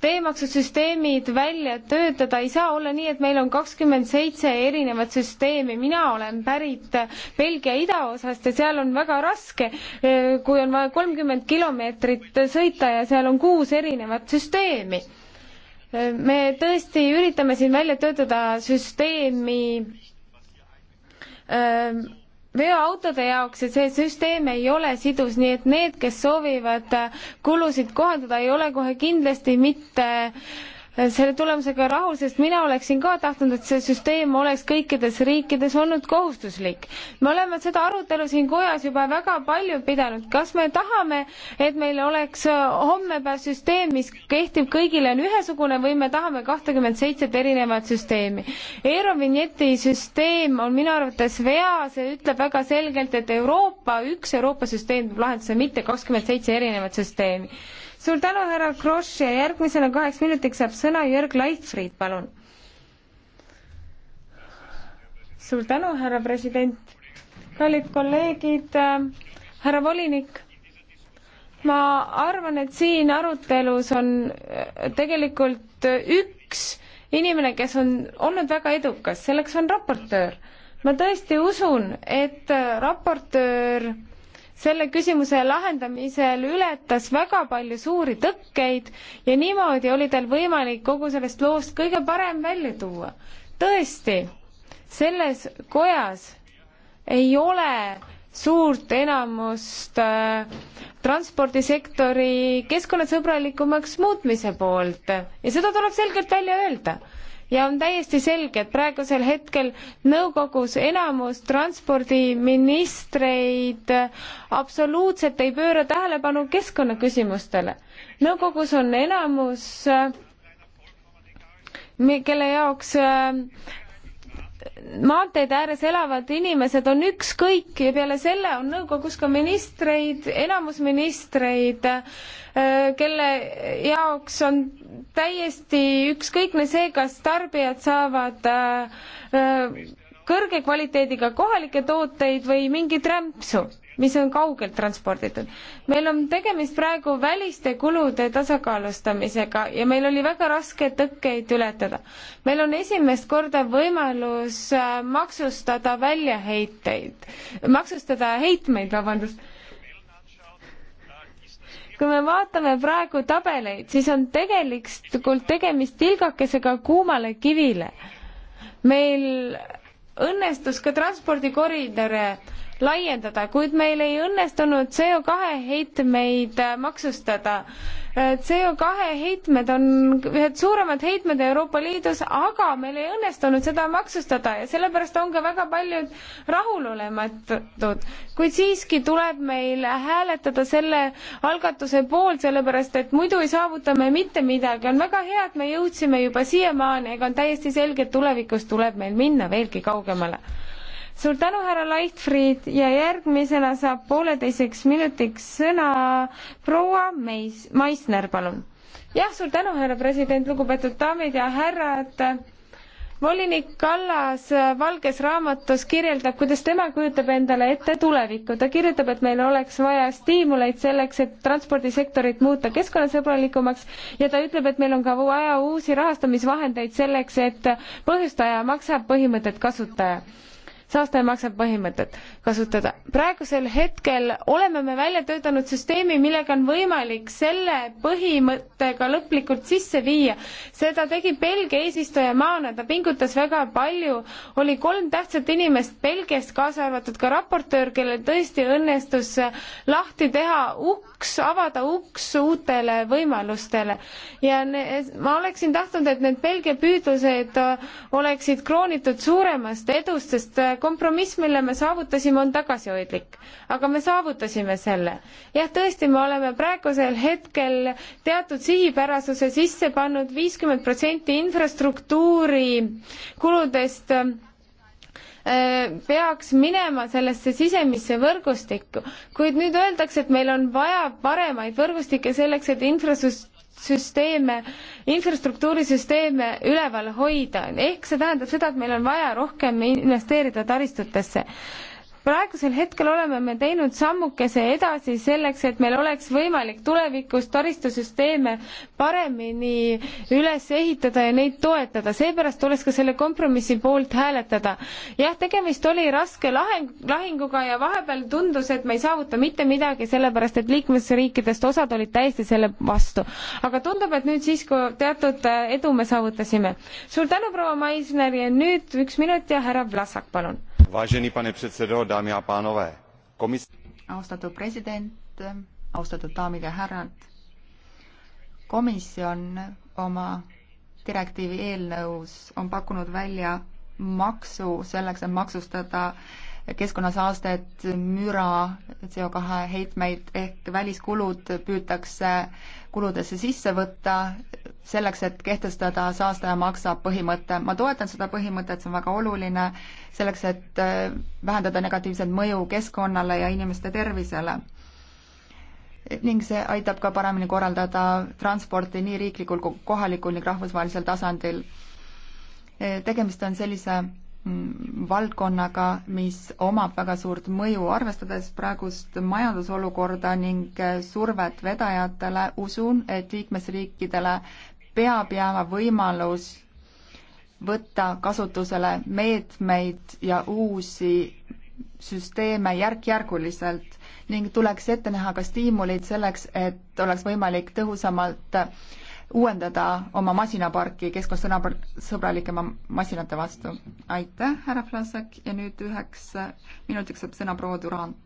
teemaksusüsteemid välja töötada, ei saa olla nii, et meil on kakskümmend seitse erinevat süsteemi, mina olen pärit Belgia idaosast ja seal on väga raske, kui on vaja kolmkümmend kilomeetrit sõita ja seal on kuus erinevat süsteemi. me tõesti üritame siin välja töötada süsteemi öö, ähm, veoautode jaoks, et see süsteem ei ole sidus, nii et need, kes soovivad kulusid kohandada, ei ole kohe kindlasti mitte äh, selle tulemusega rahul, sest mina oleksin ka tahtnud, et see süsteem oleks kõikides riikides olnud kohustuslik. me oleme seda arutelu siin kojas juba väga palju pidanud, kas me tahame, et meil oleks äh, homme päev süsteem, mis kehtib kõigile, on ühesugune või me tahame kahtekümmet seitset erinevat süsteemi. Eurovinjeti süsteem on minu arvates vea, see ütleb väga selgelt, et Euroopa, üks Euroopa süsteem peab lahenduse, mitte kakskümmend seitse erinevat süsteemi suur tänu, härra Kross ja järgmisena kaheks minutiks saab sõna Jörg Leitfried, palun. suur tänu, härra president. kallid kolleegid äh,, härra volinik ma arvan, et siin arutelus on äh, tegelikult äh, üks inimene, kes on olnud väga edukas, selleks on raportöör. ma tõesti usun, et äh, raportöör selle küsimuse lahendamisel ületas väga palju suuri tõkkeid ja niimoodi oli tal võimalik kogu sellest loost kõige parem välja tuua. tõesti, selles kojas ei ole suurt enamust äh, transpordisektori keskkonnasõbralikumaks muutmise poolt ja seda tuleb selgelt välja öelda ja on täiesti selge, et praegusel hetkel nõukogus enamus transpordiministreid absoluutselt ei pööra tähelepanu keskkonnaküsimustele. nõukogus on enamus kelle jaoks äh, maanteede ääres elavad inimesed on ükskõik ja peale selle on nõukogus ka ministreid, enamus ministreid, äh, kelle jaoks on täiesti ükskõikne see, kas tarbijad saavad äh, äh, kõrge kvaliteediga kohalikke tooteid või mingit rämpsu mis on kaugelt transporditud. meil on tegemist praegu väliste kulude tasakaalustamisega ja meil oli väga raske tõkkeid ületada. meil on esimest korda võimalus äh, maksustada väljaheiteid, maksustada heitmeid, vabandust kui me vaatame praegu tabeleid, siis on tegelikult tegemist tilgakesega kuumale kivile. meil õnnestus ka transpordikoridore äh, laiendada, kuid meil ei õnnestunud CO kahe heitmeid äh, maksustada. Äh, CO kahe heitmed on ühed suuremad heitmed Euroopa Liidus, aga meil ei õnnestunud seda maksustada ja sellepärast on ka väga paljud rahulolematud. kuid siiski tuleb meil hääletada selle algatuse poolt, sellepärast et muidu ei saavuta me mitte midagi. on väga hea, et me jõudsime juba siiamaani, aga on täiesti selge, et tulevikus tuleb meil minna veelgi kaugemale suur tänu, härra Leitfried ja järgmisena saab pooleteiseks minutiks sõna proua Mais-, Maisner, palun. jah, suur tänu, härra president, lugupeetud daamid ja härrad volinik Kallas Valges raamatus kirjeldab, kuidas tema kujutab endale ette tulevikku. ta kirjutab, et meil oleks vaja stiimuleid selleks, et transpordisektorit muuta keskkonnasõbralikumaks ja ta ütleb, et meil on ka vaja uusi rahastamisvahendeid selleks, et põhjustaja maksab põhimõtet kasutaja saastaja maksab põhimõtet kasutada. praegusel hetkel oleme me välja töötanud süsteemi, millega on võimalik selle põhimõttega lõplikult sisse viia. seda tegi Belgia eesistujamaana, ta pingutas väga palju, oli kolm tähtsat inimest Belgiast, kaasa arvatud ka raportöör, kellel tõesti õnnestus lahti teha uks, avada uks uutele võimalustele. ja ne, ma oleksin tahtnud, et need Belgia püüdlused oleksid kroonitud suuremast edust, sest kompromiss, mille me saavutasime, on tagasihoidlik, aga me saavutasime selle. jah, tõesti, me oleme praegusel hetkel teatud sihipärasuse sisse pannud viiskümmend protsenti infrastruktuuri kuludest äh, peaks minema sellesse sisemisse võrgustikku, kuid nüüd öeldakse, et meil on vaja paremaid võrgustikke selleks, et infrastruktuuri süsteeme, infrastruktuurisüsteeme üleval hoida, ehk see tähendab seda, et meil on vaja rohkem investeerida taristutesse praegusel hetkel oleme me teinud sammukese edasi selleks, et meil oleks võimalik tulevikus taristusüsteeme paremini üles ehitada ja neid toetada, seepärast tuleks ka selle kompromissi poolt hääletada. jah, tegemist oli raske lahing, lahinguga ja vahepeal tundus, et me ei saavuta mitte midagi, sellepärast et liikmesriikidest osad olid täiesti selle vastu. aga tundub, et nüüd siis, kui teatud äh, edu me saavutasime. suur tänu, proua Maisner ja nüüd üks minut ja härra Vlasak, palun vážený pane předsedo dámy a pánové komise austatud president austatud daamid ja härrad komisjon oma direktiivi eelnõus on pakkunud välja maksu selleks et maksustada keskkonnasaastet, müra, CO2 heitmeid ehk väliskulud püütakse kuludesse sisse võtta selleks, et kehtestada saastaja maksab põhimõte. ma toetan seda põhimõtet, see on väga oluline selleks, et äh, vähendada negatiivset mõju keskkonnale ja inimeste tervisele. ning see aitab ka paremini korraldada transporti nii riiklikul kui kohalikul ning rahvusvahelisel tasandil. Äh, tegemist on sellise Mm, valdkonnaga, mis omab väga suurt mõju, arvestades praegust majandusolukorda ning äh, survet vedajatele, usun, et liikmesriikidele peab jääma võimalus võtta kasutusele meetmeid ja uusi süsteeme järk-järguliselt ning tuleks ette näha ka stiimulid selleks, et oleks võimalik tõhusamalt uuendada oma masinaparki keskkonnasõbralikema masinate vastu. aitäh, härra Vlasak ja nüüd üheks minutiks saab sõna proua Durand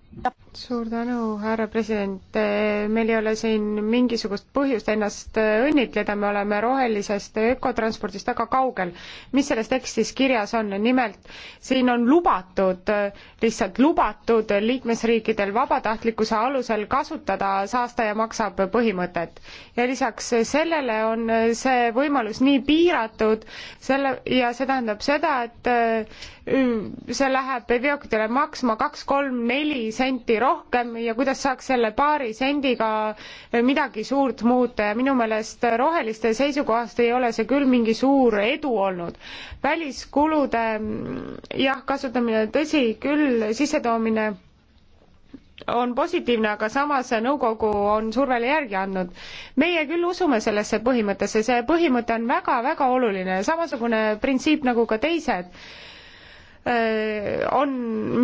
suur tänu, härra president, meil ei ole siin mingisugust põhjust ennast õnnitleda, me oleme rohelisest ökotranspordist väga kaugel. mis selles tekstis kirjas on, nimelt siin on lubatud, lihtsalt lubatud liikmesriikidel vabatahtlikkuse alusel kasutada saastaja maksab põhimõtet. ja lisaks sellele on see võimalus nii piiratud, selle, ja see tähendab seda, et see läheb veokitele maksma kaks, kolm, neli senti rohkem ja kuidas saaks selle paari sendiga midagi suurt muuta ja minu meelest roheliste seisukohast ei ole see küll mingi suur edu olnud. väliskulude jah, kasutamine tõsi küll, sissetoomine on positiivne, aga samas nõukogu on survele järgi andnud. meie küll usume sellesse põhimõttesse, see põhimõte on väga-väga oluline, samasugune printsiip nagu ka teised Äh, on,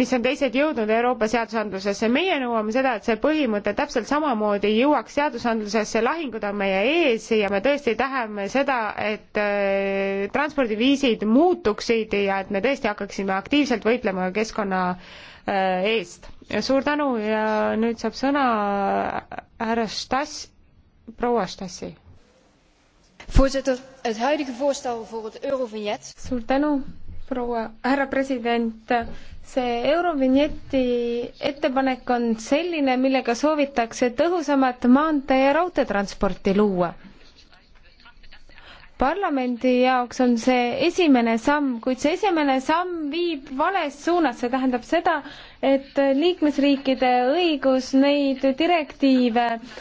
mis on teised jõudnud Euroopa seadusandlusesse. meie nõuame seda, et see põhimõte täpselt samamoodi jõuaks seadusandlusesse, lahingud on meie ees ja me tõesti tahame seda, et äh, transpordiviisid muutuksid ja et me tõesti hakkaksime aktiivselt võitlema keskkonna äh, eest. suur tänu ja nüüd saab sõna härra Stas, proua Stasi. voorzitter, het huidige voorstel voor het Eurovignet. suur tänu proua, härra president, see Eurovinjeti ettepanek on selline, millega soovitakse tõhusamat maantee- ja raudteetransporti luua. parlamendi jaoks on see esimene samm, kuid see esimene samm viib vales suunas, see tähendab seda, et liikmesriikide õigus neid direktiive äh,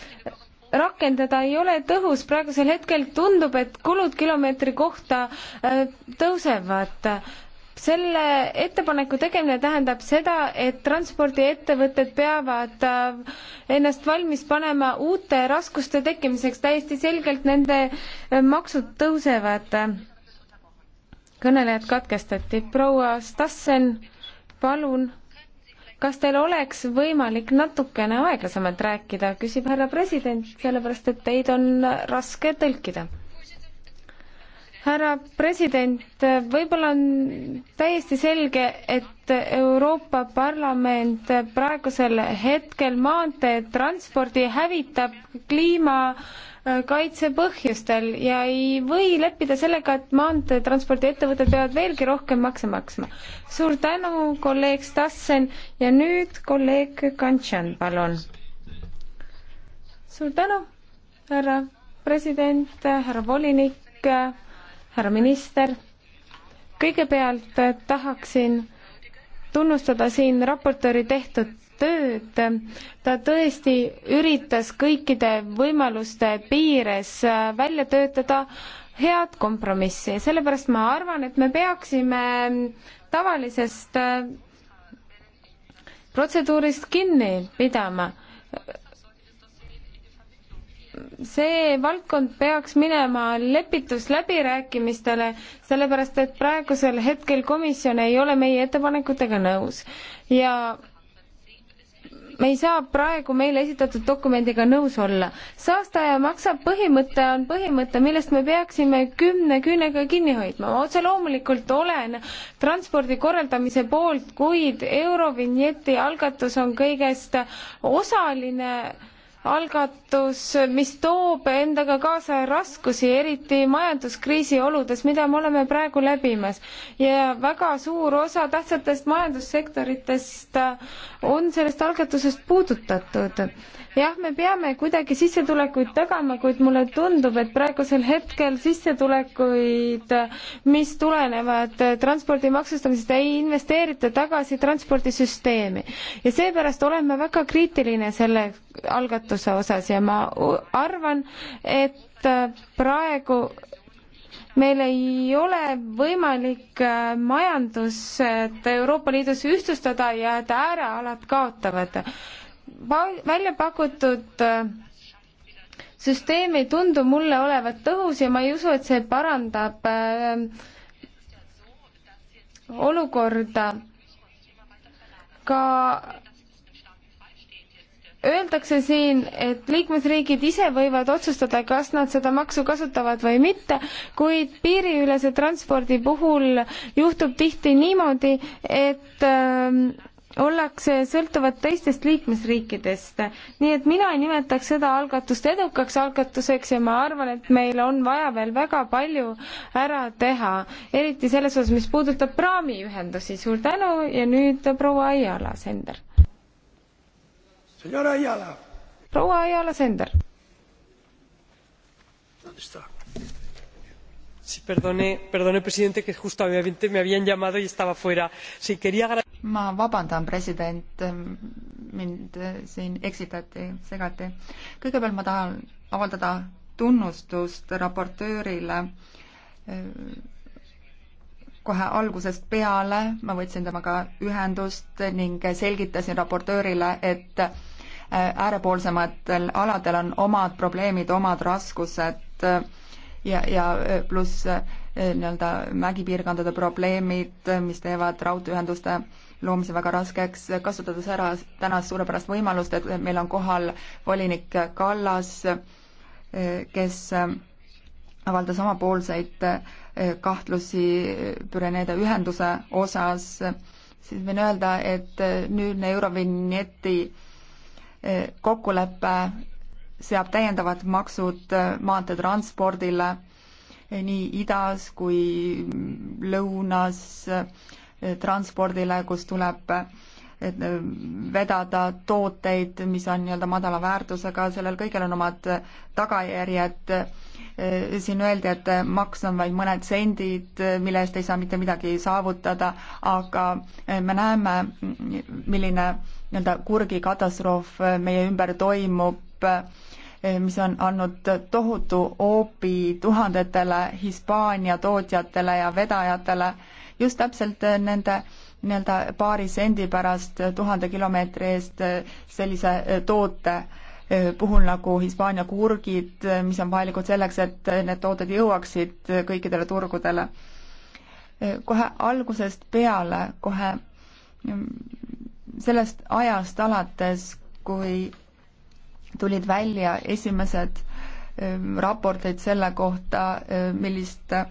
rakendada ei ole tõhus, praegusel hetkel tundub, et kulud kilomeetri kohta äh, tõusevad. selle ettepaneku tegemine tähendab seda, et transpordiettevõtted peavad äh, ennast valmis panema uute raskuste tekkimiseks, täiesti selgelt nende äh, maksud tõusevad. kõnelejad katkestati, proua Stassen, palun kas teil oleks võimalik natukene aeglasemalt rääkida, küsib härra president, sellepärast et teid on raske tõlkida. härra president, võib-olla on täiesti selge, et Euroopa Parlament praegusel hetkel maanteetranspordi hävitab kliima kaitsepõhjustel ja ei või leppida sellega, et maanteetranspordiettevõtted peavad veelgi rohkem makse maksma. suur tänu, kolleeg Stassen ja nüüd kolleeg Kantšan, palun. suur tänu, härra president, härra volinik, härra minister. kõigepealt tahaksin tunnustada siin raportööri tehtud tööd. ta tõesti üritas kõikide võimaluste piires äh, välja töötada head kompromissi ja sellepärast ma arvan, et me peaksime tavalisest äh, protseduurist kinni pidama see valdkond peaks minema lepitusläbirääkimistele, sellepärast et praegusel hetkel komisjon ei ole meie ettepanekutega nõus. ja me ei saa praegu meile esitatud dokumendiga nõus olla. saastaja maksab põhimõte on põhimõte, millest me peaksime kümne küünega kinni hoidma. ma otse loomulikult olen transpordi korraldamise poolt, kuid Eurovinjeti algatus on kõigest osaline algatus, mis toob endaga kaasa raskusi, eriti majanduskriisi oludes, mida me oleme praegu läbimas. ja väga suur osa tähtsatest majandussektoritest äh, on sellest algatusest puudutatud. jah, me peame kuidagi sissetulekuid tagama, kuid mulle tundub, et praegusel hetkel sissetulekuid, mis tulenevad äh, transpordi maksustamisest, ei investeerita tagasi transpordisüsteemi. ja seepärast olen ma väga kriitiline selle algatuse algatuse osas ja ma arvan, et äh, praegu meil ei ole võimalik äh, majandust Euroopa Liidus ühtlustada ja et äärealad kaotavad. välja pakutud äh, süsteem ei tundu mulle olevat tõhus ja ma ei usu, et see parandab olukorda ka Öeldakse siin, et liikmesriigid ise võivad otsustada, kas nad seda maksu kasutavad või mitte, kuid piiriülese transpordi puhul juhtub tihti niimoodi, et äh, ollakse sõltuvad teistest liikmesriikidest. nii et mina ei nimetaks seda algatust edukaks algatuseks ja ma arvan, et meil on vaja veel väga palju ära teha, eriti selles osas, mis puudutab praamiühendusi. suur tänu ja nüüd proua Aiala Sender proua Ayala Sender. Sí, perdone, perdone, presidente, que justamente me habían llamado y estaba fuera. Sí, quería... ma vabandan, president, mind siin eksitati, segati. kõigepealt ma tahan avaldada tunnustust raportöörile kohe algusest peale ma võtsin temaga ühendust ning selgitasin raportöörile, et Äh, äärepoolsematel aladel on omad probleemid, omad raskused äh, ja, ja äh, pluss nii-öelda mägipiirkondade probleemid, mis teevad raudteeühenduste loomise väga raskeks, kasutades ära tänast suurepärast võimalust, et meil on kohal volinik Kallas, kes avaldas omapoolseid kahtlusi Pürenede ühenduse osas, siis võin öelda, et nüüdne Eurovinjeti Eh, kokkulepe seab täiendavad maksud eh, maanteetranspordile eh, nii idas kui lõunas transpordile, kus tuleb vedada tooteid, mis on nii-öelda madala väärtusega, sellel kõigel on omad tagajärjed. siin öeldi, et maks on vaid mõned sendid, mille eest ei saa mitte midagi saavutada, aga me näeme, mm, milline nii-öelda kurgikatastroof äh, meie ümber toimub, äh, mis on andnud tohutu hoobi tuhandetele Hispaania tootjatele ja vedajatele just täpselt äh, nende nii-öelda paari sendi pärast tuhande kilomeetri eest sellise toote puhul nagu Hispaania kurgid, mis on vajalikud selleks, et need tooted jõuaksid kõikidele turgudele. kohe algusest peale, kohe mm, sellest ajast alates, kui tulid välja esimesed ähm, raporteid selle kohta, äh, millist äh,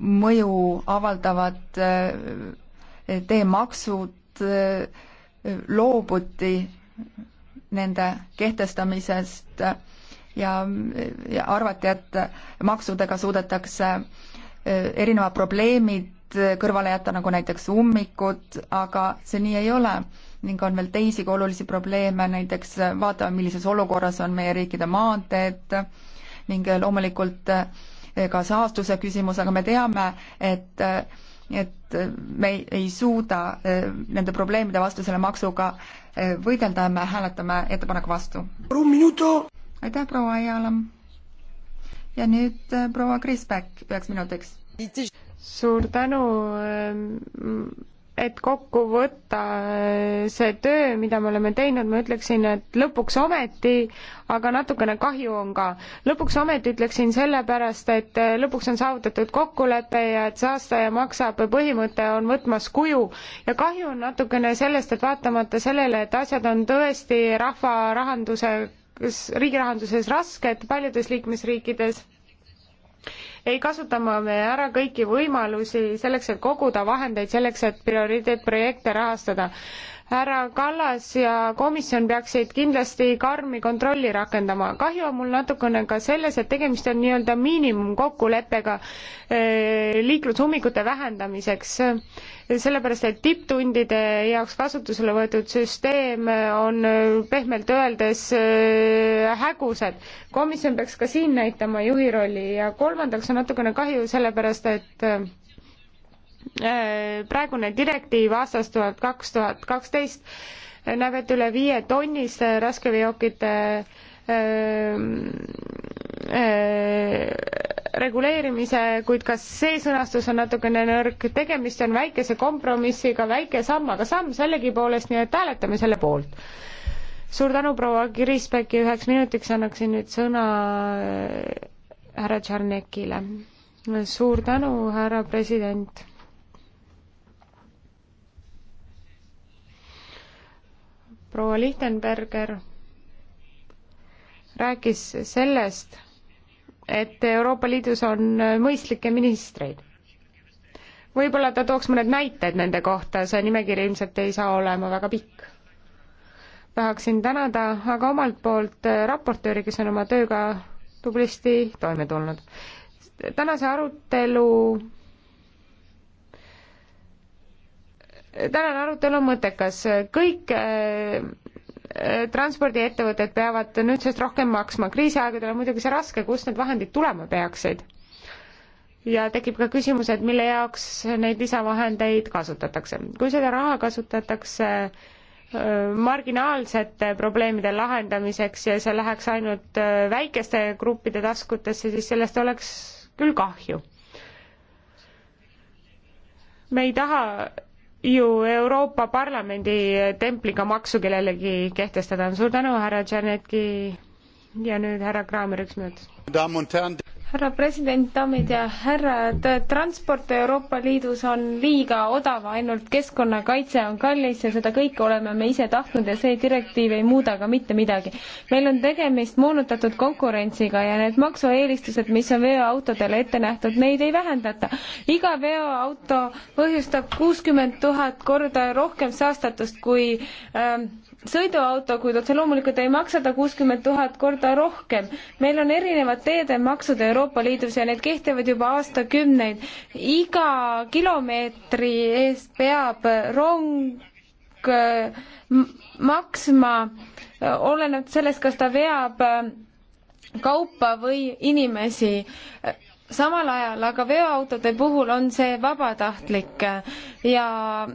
mõju avaldavad äh, teemaksud, loobuti nende kehtestamisest ja, ja arvati, et maksudega suudetakse erinevad probleemid kõrvale jätta, nagu näiteks ummikud, aga see nii ei ole. ning on veel teisigi olulisi probleeme, näiteks vaatame, millises olukorras on meie riikide maanteed ning loomulikult eh, ka saastuse küsimus, aga me teame, et et me ei, ei suuda eh, nende probleemide vastu selle maksuga eh, võidelda ja me hääletame ettepaneku vastu. aitäh, proua Aialam. ja nüüd proua Kris Päkk üheks minutiks suur tänu, ähm, et kokku võtta äh, see töö, mida me oleme teinud, ma ütleksin, et lõpuks ometi, aga natukene kahju on ka. lõpuks ometi ütleksin sellepärast, et äh, lõpuks on saavutatud kokkulepe ja et saastaja maksab põhimõte on võtmas kuju ja kahju on natukene sellest, et vaatamata sellele, et asjad on tõesti rahva rahanduse, riigi rahanduses rasked paljudes liikmesriikides ei kasuta me ära kõiki võimalusi selleks, et koguda vahendeid selleks, et prioriteetprojekte rahastada härra Kallas ja komisjon peaksid kindlasti karmi kontrolli rakendama. kahju on mul natukene ka selles, et tegemist on nii-öelda miinimumkokkuleppega eh, liiklusummikute vähendamiseks, sellepärast et tipptundide jaoks kasutusele võetud süsteem on eh, pehmelt öeldes eh, hägused. komisjon peaks ka siin näitama juhi rolli ja kolmandaks on natukene kahju, sellepärast et Äh, praegune direktiiv aastast tuhat kaks tuhat kaksteist näeb ette üle viie tonnise raskeveokite äh, äh, reguleerimise, kuid ka see sõnastus on natukene nõrk, tegemist on väikese kompromissiga, väike samm, aga samm sellegipoolest, nii et hääletame selle poolt. suur tänu, proua Kirisbek ja üheks minutiks annaksin nüüd sõna härra Tšarnekile. suur tänu, härra president proua Lichtenberger rääkis sellest, et Euroopa Liidus on mõistlikke ministreid. võib-olla ta tooks mõned näited nende kohta, see nimekiri ilmselt ei saa olema väga pikk. tahaksin tänada aga omalt poolt raportööri, kes on oma tööga tublisti toime tulnud. tänase arutelu tänane arutelu on mõttekas, kõik äh, äh transpordiettevõtted peavad nüüdsest rohkem maksma, kriisiaegadel on muidugi see raske, kust need vahendid tulema peaksid. ja tekib ka küsimus, et mille jaoks neid lisavahendeid kasutatakse. kui seda raha kasutatakse äh, marginaalsete probleemide lahendamiseks ja see läheks ainult äh, väikeste gruppide taskutesse, siis sellest oleks küll kahju. me ei taha ju Euroopa Parlamendi templiga maksu kellelegi kehtestada. suur tänu, härra Tšernetki ja nüüd härra Kraamer, üks minut härra president, daamid ja härrad, transport Euroopa Liidus on liiga odav, ainult keskkonnakaitse on kallis ja seda kõike oleme me ise tahtnud ja see direktiiv ei muuda ka mitte midagi. meil on tegemist moonutatud konkurentsiga ja need maksueelistused, mis on veoautodele ette nähtud, neid ei vähendata. iga veoauto põhjustab kuuskümmend tuhat korda rohkem saastatust kui ähm, sõiduauto, kuid otse loomulikult ei maksa ta kuuskümmend tuhat korda rohkem. meil on erinevad teedemaksud Euroopa Liidus ja need kehtivad juba aastakümneid. iga kilomeetri eest peab rong äh, maksma, äh, olenevalt sellest, kas ta veab äh, kaupa või inimesi samal ajal aga veoautode puhul on see vabatahtlik ja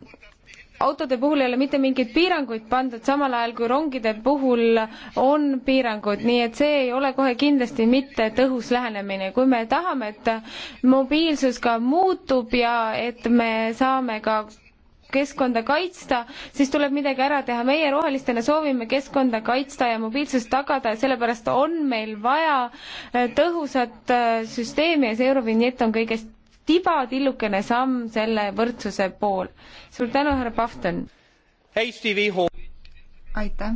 autode puhul ei ole mitte mingeid piiranguid pandud, samal ajal kui rongide puhul on piirangud, nii et see ei ole kohe kindlasti mitte tõhus lähenemine. kui me tahame, et mobiilsus ka muutub ja et me saame ka keskkonda kaitsta, siis tuleb midagi ära teha. meie rohelistena soovime keskkonda kaitsta ja mobiilsust tagada ja sellepärast on meil vaja eh, tõhusat eh, süsteemi ja see Eurovignett on kõigest tibatillukene samm selle võrdsuse pool. suur tänu, härra Pafton! aitäh!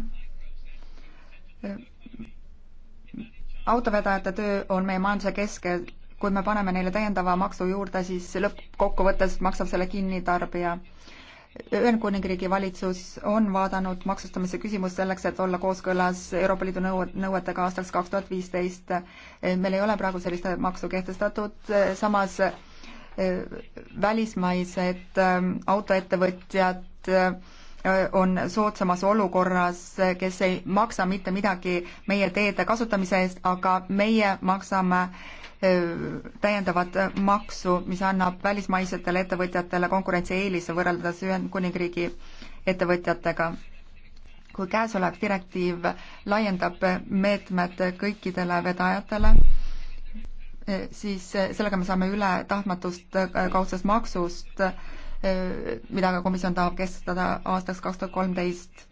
autovedajate töö on meie majanduse keskel, kui me paneme neile täiendava maksu juurde, siis lõppkokkuvõttes maksab selle kinni tarbija. Ühendkuningriigi valitsus on vaadanud maksustamise küsimust selleks, et olla kooskõlas Euroopa Liidu nõu-, nõuetega aastaks kaks tuhat viisteist. meil ei ole praegu sellist maksu kehtestatud, samas välismaised ähm, autoettevõtjad äh, on soodsamas olukorras, kes ei maksa mitte midagi meie teede kasutamise eest, aga meie maksame äh, täiendavat maksu, mis annab välismaisetele ettevõtjatele konkurentsieelise võrreldes Ühendkuningriigi ettevõtjatega. kui käesolev direktiiv laiendab meetmed kõikidele vedajatele, Äh, siis äh, sellega me saame üle tahtmatust äh, kaudsest maksust, mida ka komisjon tahab kestada aastaks kaks tuhat kolmteist.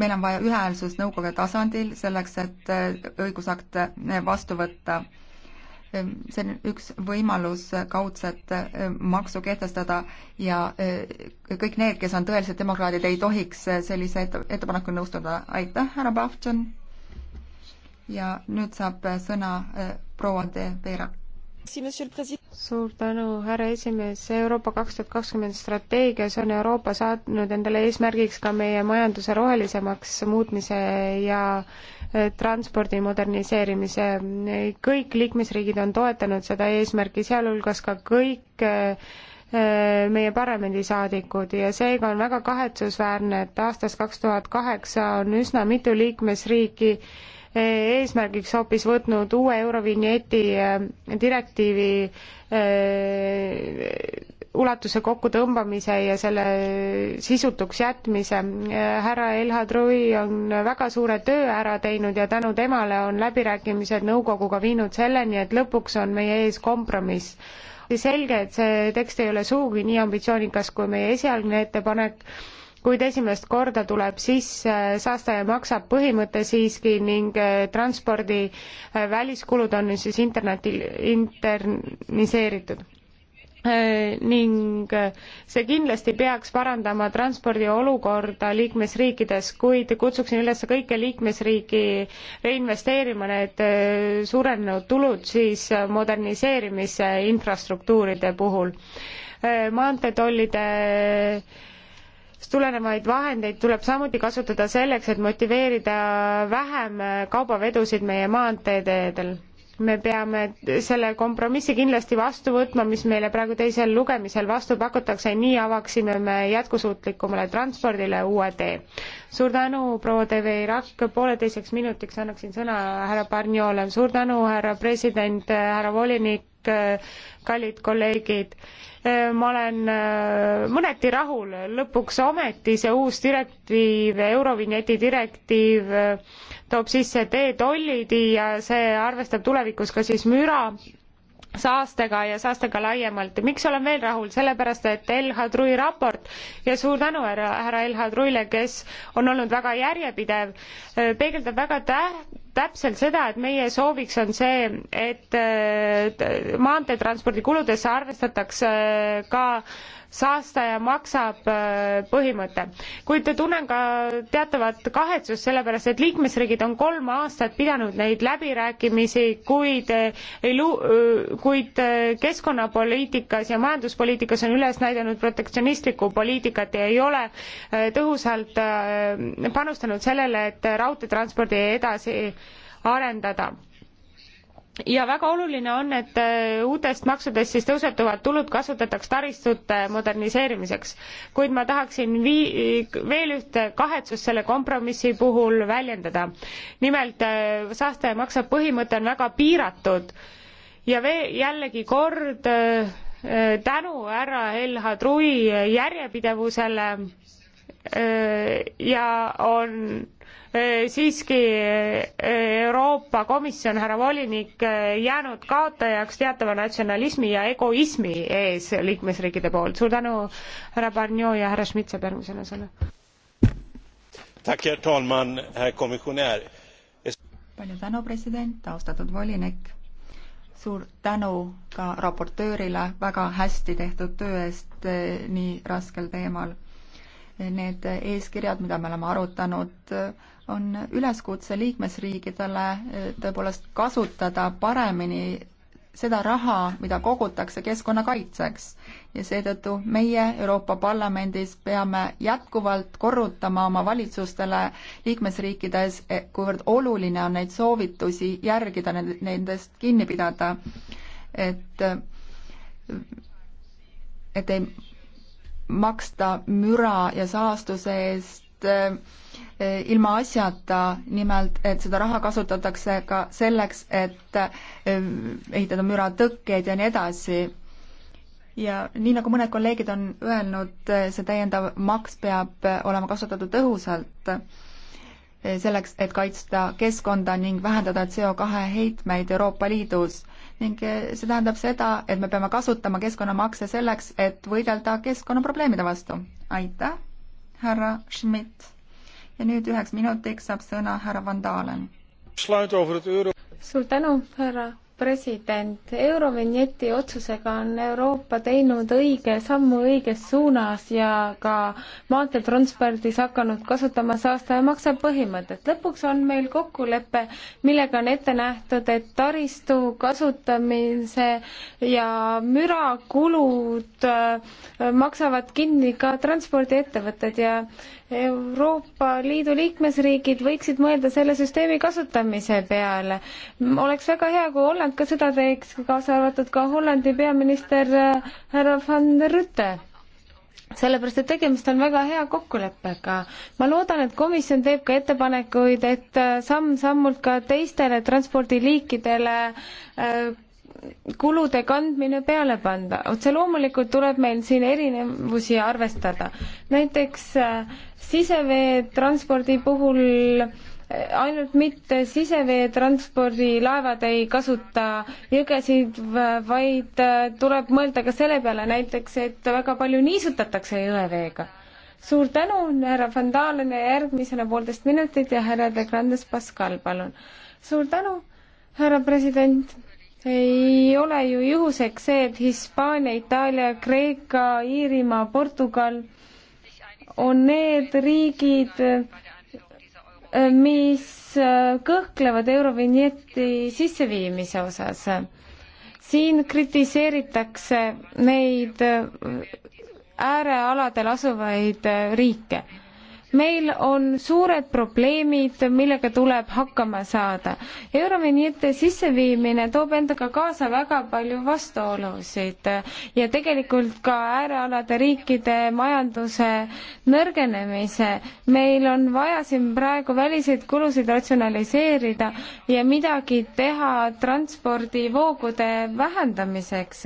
meil on vaja ühehäälsust nõukogu tasandil selleks, et õigusakte vastu võtta. see on üks võimalus kaudset maksu kehtestada ja kõik need, kes on tõelised demokraadid, ei tohiks sellise ettepaneku nõustuda. aitäh, härra Pahvtšon! ja nüüd saab äh, sõna äh, proua de Veera. suur tänu, härra esimees, Euroopa kaks tuhat kakskümmend strateegias on Euroopa saatnud endale eesmärgiks ka meie majanduse rohelisemaks muutmise ja äh, transpordi moderniseerimise. kõik liikmesriigid on toetanud seda eesmärki, sealhulgas ka kõik meie parlamendisaadikud ja seega on väga kahetsusväärne, et aastast kaks tuhat kaheksa on üsna mitu liikmesriiki eesmärgiks hoopis võtnud uue Eurovinjeti äh, direktiivi äh, ulatuse kokkutõmbamise ja selle sisutuks jätmise. Äh, härra Elhad Rui on väga suure töö ära teinud ja tänu temale on läbirääkimised nõukoguga viinud selleni, et lõpuks on meie ees kompromiss. selge, et see tekst ei ole sugugi nii ambitsioonikas kui meie esialgne ettepanek kuid esimest korda tuleb sisse äh, saastaja maksab põhimõte siiski ning äh, transpordi äh, väliskulud on nüüd siis internetil interniseeritud ning see kindlasti peaks parandama transpordi olukorda liikmesriikides, kuid kutsuksin üles kõiki liikmesriiki reinvesteerima need suurenenud tulud siis moderniseerimise infrastruktuuride puhul. maanteetollide tulenevaid vahendeid tuleb samuti kasutada selleks, et motiveerida vähem kaubavedusid meie maanteeteedel. me peame selle kompromissi kindlasti vastu võtma, mis meile praegu teisel lugemisel vastu pakutakse, nii avaksime me jätkusuutlikumale transpordile uue tee. suur tänu, proua TV Irak, pooleteiseks minutiks annaksin sõna härra Barniole, suur tänu, härra president, härra volinik, kallid kolleegid Äh, ma olen äh, mõneti rahul, lõpuks ometi see uus direktiiv, Eurovinjeti direktiiv äh, toob sisse teetollid ja see arvestab tulevikus ka siis müra saastega ja saastega laiemalt. miks olen veel rahul? sellepärast, et LH Trui raport ja suur tänu härra, härra LH Truile, kes on olnud väga järjepidev, peegeldab väga täht-, täpselt seda, et meie sooviks on see, et äh, maanteetranspordi kuludesse arvestatakse äh, ka saastaja maksab äh, põhimõte. kuid tunnen ka teatavat kahetsust, sellepärast et liikmesriigid on kolm aastat pidanud neid läbirääkimisi, kuid ei lu-, kuid keskkonnapoliitikas ja majanduspoliitikas on üles näidanud protektsionistlikku poliitikat ja ei ole tõhusalt panustanud sellele, et raudteetranspordi edasi arendada ja väga oluline on, et äh, uutest maksudest siis tõusetuvad tulud kasutataks taristute moderniseerimiseks. kuid ma tahaksin vii-, veel ühte kahetsust selle kompromissi puhul väljendada. nimelt äh, saastaja maksab põhimõte on väga piiratud ja vee-, jällegi kord äh, tänu härra Elha Trui järjepidevusele ja on Eh, siiski eh, Euroopa Komisjon, härra volinik, eh, jäänud kaotajaks teatava natsionalismi ja egoismi ees liikmesriikide poolt. suur tänu, härra Barnio ja härra Schmidt saab järgmisena sõna. palju tänu, president, austatud volinik. suur tänu ka raportöörile väga hästi tehtud töö eest nii raskel teemal. Need eeskirjad, mida me oleme arutanud, on üleskutse liikmesriigidele eh, tõepoolest kasutada paremini seda raha, mida kogutakse keskkonnakaitseks ja seetõttu meie Euroopa Parlamendis peame jätkuvalt korrutama oma valitsustele liikmesriikides, eh, kuivõrd oluline on neid soovitusi järgida, nendest kinni pidada. et, et ei maksta müra ja saastuse eest Eh, ilma asjata, nimelt et seda raha kasutatakse ka selleks, et eh, ehitada müratõkkeid ja nii edasi. ja nii, nagu mõned kolleegid on öelnud, eh, see täiendav maks peab olema kasutatud tõhusalt, selleks, et kaitsta keskkonda ning vähendada CO2 heitmeid Euroopa Liidus ning see tähendab seda, et me peame kasutama keskkonnamakse selleks, et võidelda keskkonnaprobleemide vastu. aitäh! härra Schmidt. ja nüüd üheks minutiks saab sõna härra Van Dalen. suur tänu, härra president, Eurovinjeti otsusega on Euroopa teinud õige sammu õiges suunas ja ka maanteetranspordis hakanud kasutama saastaja maksab põhimõtet. lõpuks on meil kokkulepe, millega on ette nähtud, et taristu kasutamise ja mürakulud äh, maksavad kinni ka transpordiettevõtted ja Euroopa Liidu liikmesriigid võiksid mõelda selle süsteemi kasutamise peale. oleks väga hea, kui Holland ka seda teeks, kaasa arvatud ka Hollandi peaminister äh, härra Van der Rütte sellepärast, et tegemist on väga hea kokkuleppega. ma loodan, et komisjon teeb ka ettepanekuid, et äh, samm-sammult ka teistele transpordiliikidele äh, kulude kandmine peale panda. otse loomulikult tuleb meil siin erinevusi arvestada. näiteks äh, siseveetranspordi puhul äh, ainult mitte siseveetranspordilaevad ei kasuta jõgesid, vaid äh, tuleb mõelda ka selle peale näiteks, et väga palju niisutatakse jõeveega. suur tänu, härra Van Dalen ja järgmisena poolteist minutit ja härra De Grandes Pascal, palun. suur tänu, härra president ei ole ju juhuseks see, et Hispaania, Itaalia, Kreeka, Iirimaa, Portugal on need riigid, mis kõhklevad Eurovinjeti sisseviimise osas. siin kritiseeritakse neid äärealadel asuvaid riike meil on suured probleemid, millega tuleb hakkama saada. eurovinjete sisseviimine toob endaga kaasa väga palju vastuolusid ja tegelikult ka äärealade riikide majanduse nõrgenemise. meil on vaja siin praegu väliseid kulusid ratsionaliseerida ja midagi teha transpordivoogude vähendamiseks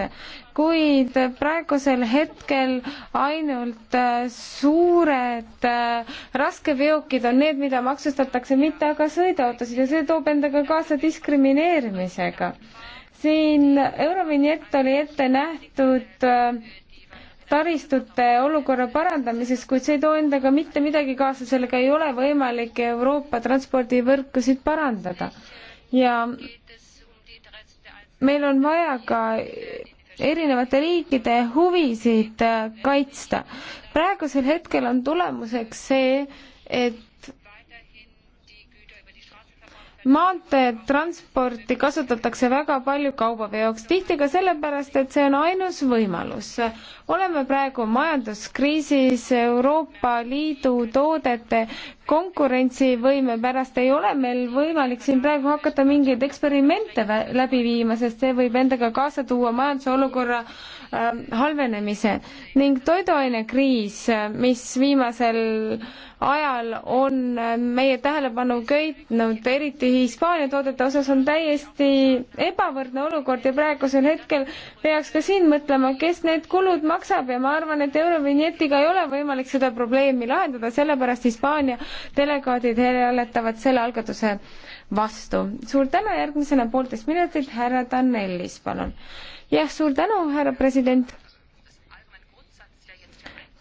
kuid praegusel hetkel ainult äh, suured äh, raskeveokid on need, mida maksustatakse, mitte aga sõiduautosid ja see toob endaga kaasa diskrimineerimisega. siin Eurovinjett oli ette nähtud äh, taristute olukorra parandamises, kuid see ei too endaga mitte midagi kaasa, sellega ei ole võimalik Euroopa transpordivõrkusid parandada. ja meil on vaja ka erinevate riikide huvisid äh, kaitsta. praegusel hetkel on tulemuseks see, et maanteetransporti kasutatakse väga palju kaubaveoks, tihti ka sellepärast, et see on ainus võimalus. oleme praegu majanduskriisis, Euroopa Liidu toodete konkurentsivõime pärast ei ole meil võimalik siin praegu hakata mingeid eksperimente läbi viima, sest see võib endaga kaasa tuua majanduse olukorra äh, halvenemise ning toiduainekriis, mis viimasel ajal on äh, meie tähelepanu köitnud, eriti Hispaania toodete osas on täiesti ebavõrdne olukord ja praegusel hetkel peaks ka siin mõtlema, kes need kulud maksab ja ma arvan, et Eurovinjetiga ei ole võimalik seda probleemi lahendada, sellepärast Hispaania delegaadid hääletavad selle algatuse vastu. suur tänu, järgmisena poolteist minutit, härra Danellis, palun. jah, suur tänu, härra president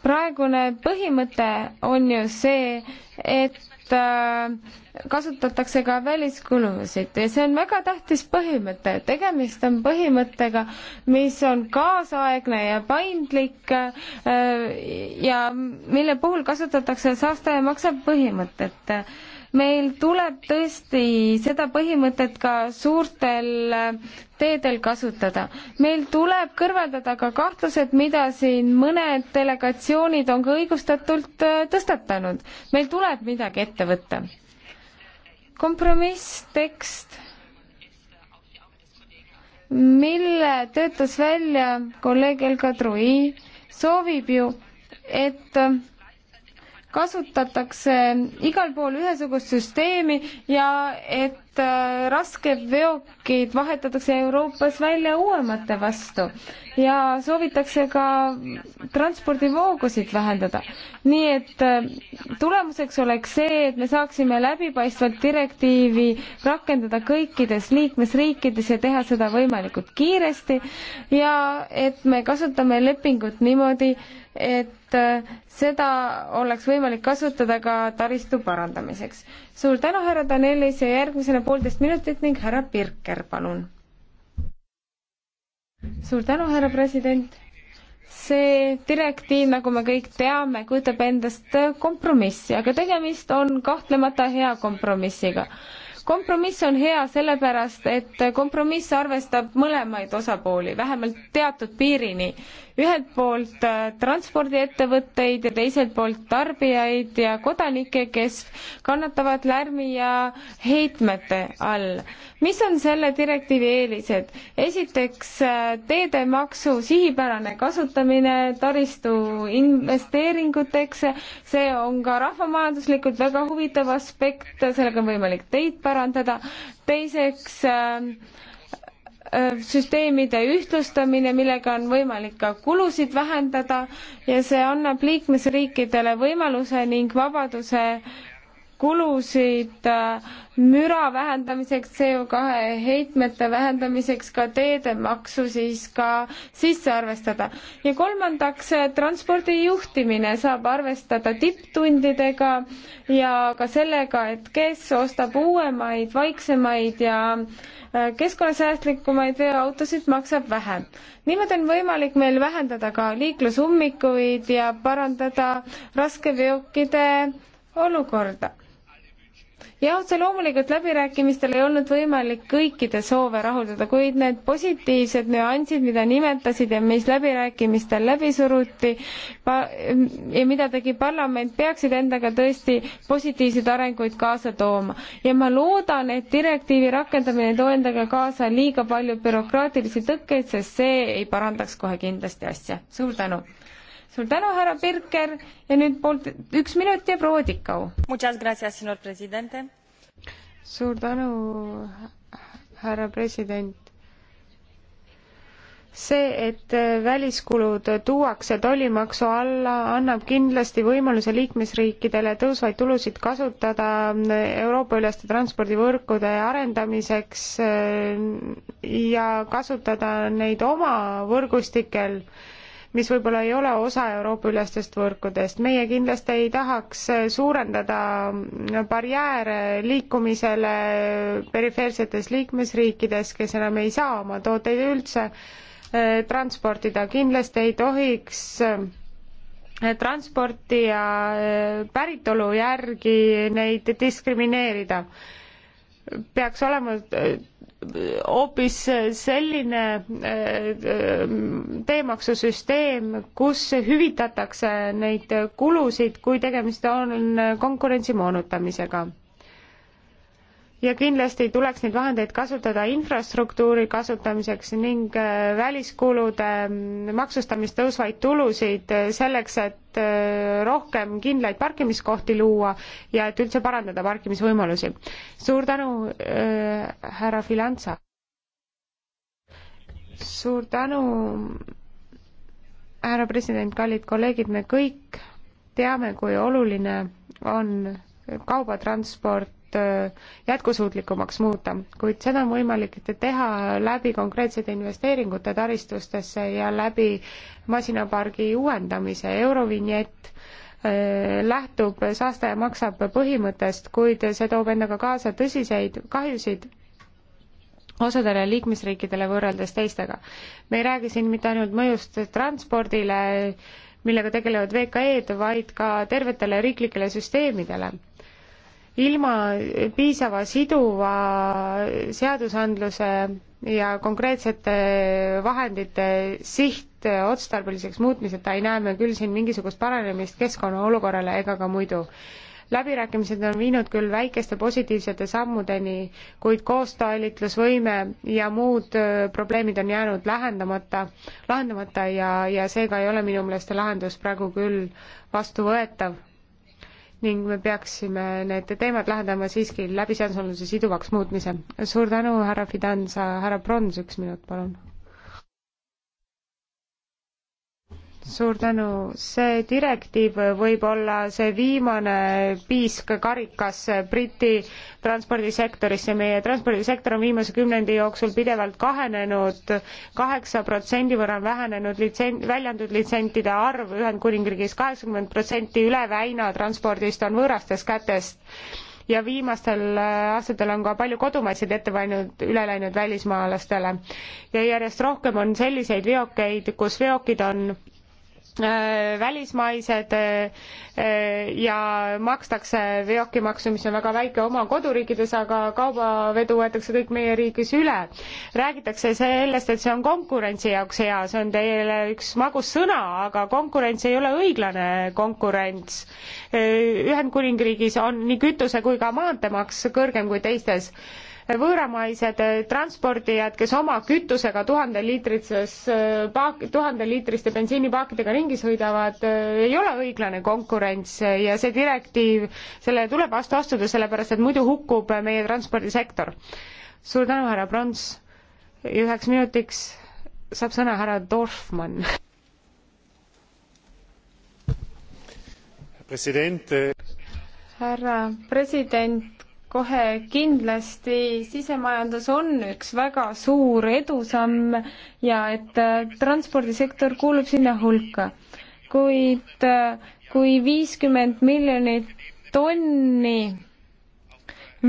praegune põhimõte on ju see, et Äh, kasutatakse ka väliskulusid ja see on väga tähtis põhimõte. tegemist on põhimõttega, mis on kaasaegne ja paindlik äh, ja mille puhul kasutatakse saastaja maksab põhimõtet meil tuleb tõesti seda põhimõtet ka suurtel teedel kasutada. meil tuleb kõrvaldada ka kahtlused, mida siin mõned delegatsioonid on ka õigustatult äh, tõstatanud. meil tuleb midagi ette võtta. kompromisstekst, mille töötas välja kolleeg Elka Trui, soovib ju, et kasutatakse igal pool ühesugust süsteemi ja et äh, raskeveokid vahetatakse Euroopas välja uuemate vastu ja soovitakse ka transpordivoogusid vähendada. nii et äh, tulemuseks oleks see, et me saaksime läbipaistvalt direktiivi rakendada kõikides liikmesriikides ja teha seda võimalikult kiiresti ja et me kasutame lepingut niimoodi, et et äh, seda oleks võimalik kasutada ka taristu parandamiseks. suur tänu, härra Danelis ja järgmisena poolteist minutit ning härra Pirker, palun. suur tänu, härra president. see direktiiv, nagu me kõik teame, kujutab endast kompromissi, aga tegemist on kahtlemata hea kompromissiga kompromiss on hea sellepärast, et kompromiss arvestab mõlemaid osapooli, vähemalt teatud piirini. ühelt poolt äh, transpordiettevõtteid ja teiselt poolt tarbijaid ja kodanikke, kes kannatavad lärmi ja heitmete all. mis on selle direktiivi eelised? esiteks äh, teedemaksu sihipärane kasutamine taristu investeeringuteks, see on ka rahvamajanduslikult väga huvitav aspekt, sellega on võimalik teid parandada, parandada, teiseks ähm, äh, süsteemide ühtlustamine, millega on võimalik ka kulusid vähendada ja see annab liikmesriikidele võimaluse ning vabaduse kulusid äh, müra vähendamiseks, CO2 heitmete vähendamiseks, ka teedemaksu siis ka sisse arvestada. ja kolmandaks, äh, transpordi juhtimine saab arvestada tipptundidega ja ka sellega, et kes ostab uuemaid, vaiksemaid ja äh, keskkonnasäästlikumaid veoautosid, maksab vähem. niimoodi on võimalik meil vähendada ka liiklusummikuid ja parandada raskeveokide olukorda jah, otse loomulikult läbirääkimistel ei olnud võimalik kõikide soove rahuldada, kuid need positiivsed nüansid, mida nimetasid ja mis läbirääkimistel läbi suruti ja mida tegi parlament, peaksid endaga tõesti positiivseid arenguid kaasa tooma. ja ma loodan, et direktiivi rakendamine ei too endaga kaasa liiga palju bürokraatilisi tõkkeid, sest see ei parandaks kohe kindlasti asja. suur tänu! suur tänu, härra Birker ja nüüd poolt üks minut ja proua Tikau. suur tänu, härra president see, et äh, väliskulud tuuakse tollimaksu alla, annab kindlasti võimaluse liikmesriikidele tõusvaid tulusid kasutada äh, Euroopa-üleste transpordivõrkude arendamiseks äh, ja kasutada neid oma võrgustikel mis võib-olla ei ole osa Euroopa ülestest võrkudest. meie kindlasti ei tahaks suurendada barjääre liikumisele perifeersetes liikmesriikides, kes enam ei saa oma tooteid üldse eh, transportida, kindlasti ei tohiks eh, transporti ja eh, päritolu järgi neid diskrimineerida. peaks olema hoopis selline äh, äh, teemaksusüsteem, kus hüvitatakse neid kulusid, kui tegemist on konkurentsi moonutamisega ja kindlasti tuleks neid vahendeid kasutada infrastruktuuri kasutamiseks ning äh, väliskulude mm, maksustamist tõusvaid tulusid äh, selleks, et äh, rohkem kindlaid parkimiskohti luua ja et üldse parandada parkimisvõimalusi. suur tänu äh,, härra Filanza! suur tänu, härra president, kallid kolleegid, me kõik teame, kui oluline on kaubatransport tööd äh, jätkusuutlikumaks muuta, kuid seda on võimalik teha läbi konkreetsete investeeringute taristustesse ja läbi masinapargi uuendamise, Eurovinjett äh, lähtub saastaja maksab põhimõttest, kuid see toob endaga kaasa tõsiseid kahjusid osadele liikmesriikidele võrreldes teistega. me ei räägi siin mitte ainult mõjust transpordile, millega tegelevad VKE-d, vaid ka tervetele riiklikele süsteemidele ilma piisava siduva seadusandluse ja konkreetsete vahendite sihtotstarbeliseks muutmiseta ei näe me küll siin mingisugust paranemist keskkonna olukorrale ega ka muidu läbirääkimised on viinud küll väikeste positiivsete sammudeni, kuid koostalitlusvõime ja muud äh, probleemid on jäänud lähendamata, lahendamata ja, ja seega ei ole minu meelest see lahendus praegu küll vastuvõetav ning me peaksime need teemad lahendama siiski läbi seadusandluse siduvaks muutmise. suur tänu, härra Fidanza, härra Prons, üks minut, palun suur tänu, see direktiiv võib olla see viimane piisk karikas Briti transpordisektorisse, meie transpordisektor on viimase kümnendi jooksul pidevalt kahenenud, kaheksa protsendi võrra on vähenenud litsen-, väljendatud litsentide arv Ühendkuningriigis, kaheksakümmend protsenti üle väina transpordist on võõrastest kätest ja viimastel äh, aastatel on ka palju kodumaiseid ette valinud, üle läinud välismaalastele. ja järjest rohkem on selliseid veokeid, kus veokid on Äh, välismaised äh, äh, ja makstakse veokimaksu, mis on väga väike oma koduriikides, aga kaubavedu võetakse kõik meie riigis üle. räägitakse sellest, et see on konkurentsi jaoks hea, see on teile üks magus sõna, aga konkurents ei ole õiglane konkurents. Ühendkuningriigis on nii kütuse kui ka maanteemaks kõrgem kui teistes võõramaised eh, transpordijad, kes oma kütusega tuhandeliitrises eh, paak, tuhandeliitriste bensiinipaakidega ringi sõidavad, eh, ei ole õiglane konkurents ja see direktiiv, sellele tuleb vastu astuda, sellepärast et muidu hukkub meie transpordisektor. suur tänu, härra Prants. üheks minutiks saab sõna härra Dorfmann. president. härra president kohe kindlasti sisemajandus on üks väga suur edusamm ja et äh, transpordisektor kuulub sinna hulka. kuid äh, kui viiskümmend miljonit tonni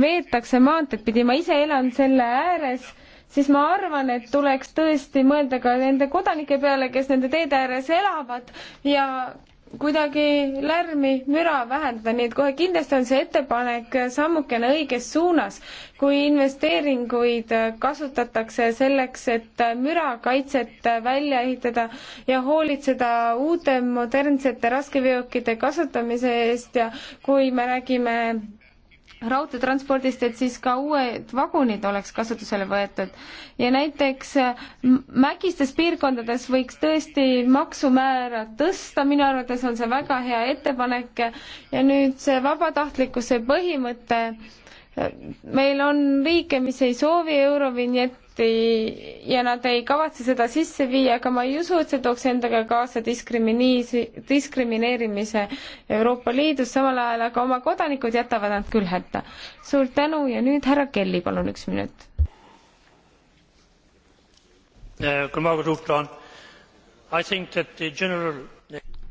veetakse maanteed pidi, ma ise elan selle ääres, siis ma arvan, et tuleks tõesti mõelda ka nende kodanike peale, kes nende teede ääres elavad ja kuidagi lärmi, müra vähendada, nii et kohe kindlasti on see ettepanek sammukene õiges suunas, kui investeeringuid kasutatakse selleks, et mürakaitset välja ehitada ja hoolitseda uute modernsete raskeveokite kasutamise eest ja kui me räägime raudteetranspordist, et siis ka uued vagunid oleks kasutusele võetud. ja näiteks äh, mägistes piirkondades võiks tõesti maksumäära tõsta, minu arvates on see väga hea ettepanek ja nüüd see vabatahtlikkuse põhimõte, äh, meil on riike, mis ei soovi Eurovinjet, ja nad ei kavatse seda sisse viia, aga ma ei usu, et see tooks endaga kaasa diskrimineerimise, diskrimineerimise Euroopa Liidus, samal ajal aga oma kodanikud jätavad nad küll hätta. suur tänu ja nüüd härra Kelly, palun üks minut.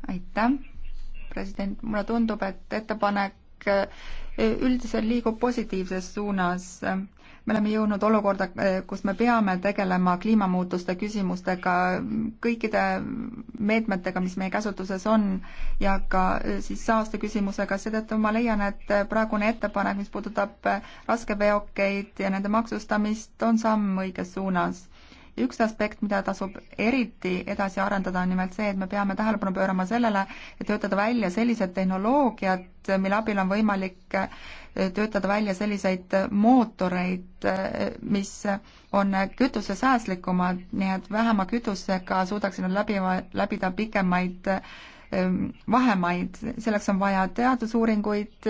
aitäh, president, mulle tundub, et ettepanek üldiselt liigub positiivses suunas me oleme jõudnud olukorda, eh, kus me peame tegelema kliimamuutuste küsimustega kõikide meetmetega, mis meie käsutuses on ja ka eh, siis saaste küsimusega, seetõttu ma leian, et eh, praegune ettepanek, mis puudutab raskeveokeid ja nende maksustamist, on samm õiges suunas üks aspekt, mida tasub eriti edasi arendada, on nimelt see, et me peame tähelepanu pöörama sellele, et töötada välja sellised tehnoloogiad, mille abil on võimalik äh, töötada välja selliseid mootoreid, äh, mis on kütusesäästlikumad, nii et vähema kütusega suudaksid nad läbi, läbida pikemaid Ähm, vahemaid, selleks on vaja teadusuuringuid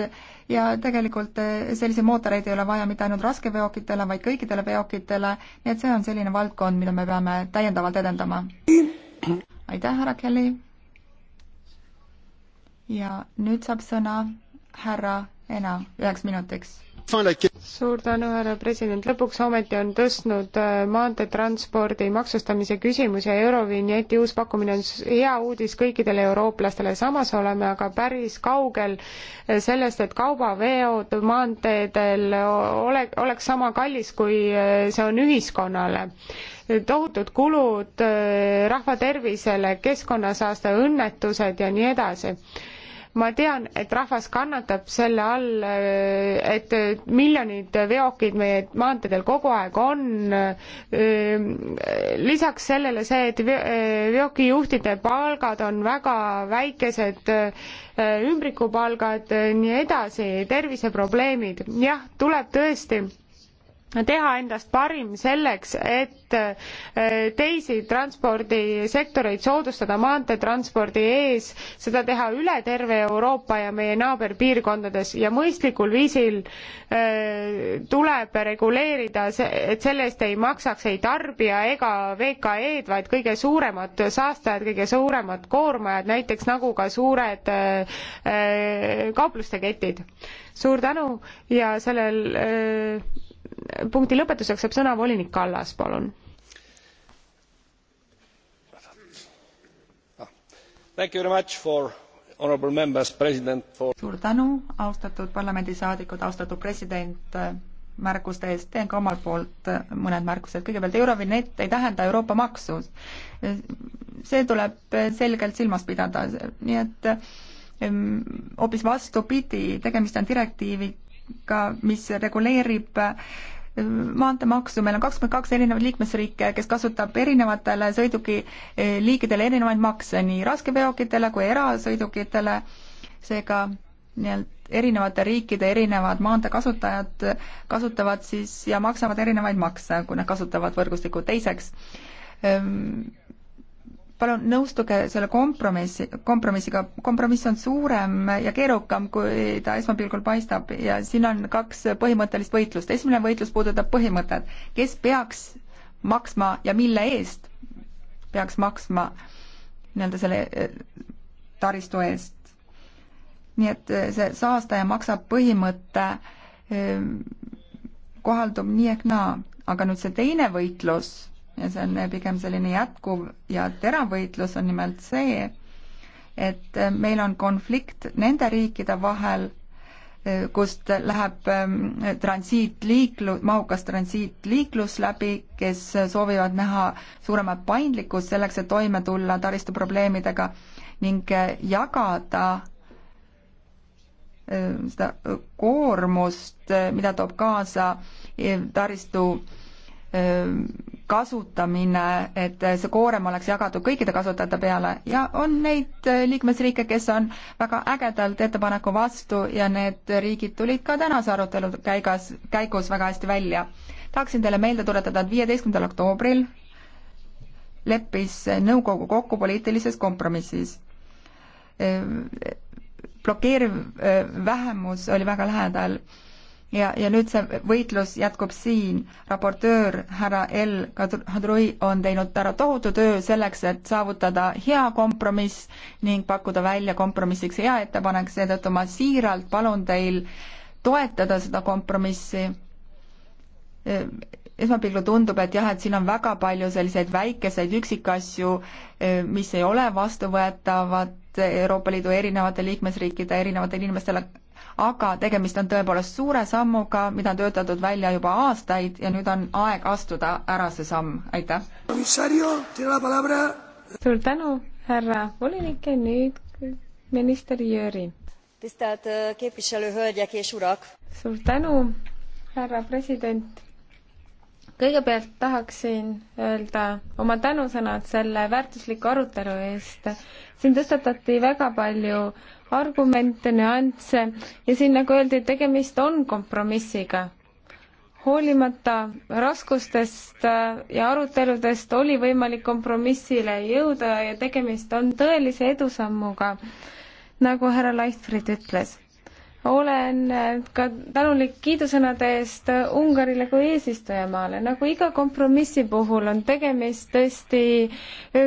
ja tegelikult äh, selliseid mootoreid ei ole vaja mitte ainult raskeveokitele, vaid kõikidele veokitele, nii et see on selline valdkond, mida me peame täiendavalt edendama. aitäh, härra Kelly! ja nüüd saab sõna härra Ena üheks minutiks suur tänu, härra president, lõpuks ometi on tõstnud äh, maanteetranspordi maksustamise küsimus ja Eurovinjeti uus pakkumine on hea uudis kõikidele eurooplastele, samas oleme aga päris kaugel äh, sellest, et kaubaveod maanteedel ole, oleks sama kallis, kui äh, see on ühiskonnale tohutud kulud rahva tervisele, keskkonnasaaste, õnnetused ja nii edasi ma tean, et rahvas kannatab selle all, et miljonid veokid meie maanteedel kogu aeg on. lisaks sellele see, et veokijuhtide palgad on väga väikesed, ümbrikupalgad, nii edasi, terviseprobleemid, jah, tuleb tõesti teha endast parim selleks, et eh, teisi transpordisektoreid soodustada maanteetranspordi ees, seda teha üle terve Euroopa ja meie naaberpiirkondades ja mõistlikul viisil eh, tuleb reguleerida, et selle eest ei maksaks ei tarbija ega VKE-d, vaid kõige suuremad saastajad, kõige suuremad koormajad, näiteks nagu ka suured eh, kaupluste ketid. suur tänu ja sellel öö, punkti lõpetuseks saab sõna volinik Kallas, palun. Ah, for... suur tänu, austatud parlamendisaadikud, austatud president, äh, märkuste eest, teen ka omalt poolt äh, mõned märkused. kõigepealt Eurovinett ei tähenda Euroopa maksu. Äh, see tuleb selgelt silmas pidada, nii et hoopis vastupidi, tegemist on direktiivi, ka, mis reguleerib äh, maanteemaksu, meil on kakskümmend kaks erinevat liikmesriike, kes kasutab erinevatele sõidukiliikidele äh, erinevaid makse, nii raskeveokitele kui erasõidukitele, seega nii-öelda erinevate riikide erinevad maanteekasutajad kasutavad siis ja maksavad erinevaid makse, kui nad kasutavad võrgustikku. teiseks, ähm, palun nõustuge selle kompromissi, kompromissiga, kompromiss on suurem ja keerukam, kui ta esmapilgul paistab ja siin on kaks põhimõttelist võitlust. esimene võitlus puudutab põhimõtet, kes peaks maksma ja mille eest peaks maksma nii-öelda selle eh, taristu eest. nii et eh, see saastaja maksab põhimõte eh, kohaldub nii ehk naa, aga nüüd see teine võitlus ja see on eh, pigem selline jätkuv ja terav võitlus, on nimelt see, et eh, meil on konflikt nende riikide vahel, eh, kust läheb ehm, transiitliiklu-, mahukas transiitliiklus läbi, kes soovivad näha suuremat paindlikkust selleks, et toime tulla taristuprobleemidega ning jagada seda koormust, mida toob kaasa taristu kasutamine, et see koorem oleks jagatud kõikide kasutajate peale ja on neid äh, liikmesriike, kes on väga ägedalt ettepaneku vastu ja need riigid tulid ka tänase arutelu käigas, käigus väga hästi välja. tahaksin teile meelde tuletada, et viieteistkümnendal oktoobril leppis nõukogu kokku poliitilises kompromissis. Äh, blokeeriv äh, vähemus oli väga lähedal ja, ja nüüd see võitlus jätkub siin. raportöör härra L. Kadri on teinud ära tohutu töö selleks, et saavutada hea kompromiss ning pakkuda välja kompromissiks hea ettepanek, seetõttu ma siiralt palun teil toetada seda kompromissi. E, esmapilgul tundub, et jah, et siin on väga palju selliseid väikeseid üksikasju, e, mis ei ole vastuvõetavad Euroopa Liidu erinevate liikmesriikide erinevatele inimestele, aga tegemist on tõepoolest suure sammuga, mida on töötatud välja juba aastaid ja nüüd on aeg astuda ära see samm, aitäh. suur tänu, härra volinik ja nüüd minister Jüri. suur tänu, härra president kõigepealt tahaksin öelda oma tänusõnad selle väärtusliku arutelu eest. siin tõstatati väga palju argumente, nüansse ja siin nagu öeldi, tegemist on kompromissiga. hoolimata raskustest äh, ja aruteludest oli võimalik kompromissile jõuda ja tegemist on tõelise edusammuga, nagu härra Leifrid ütles olen äh, ka tänulik kiidusõnade eest Ungarile kui eesistujamaale. nagu iga kompromissi puhul on tegemist tõesti äh,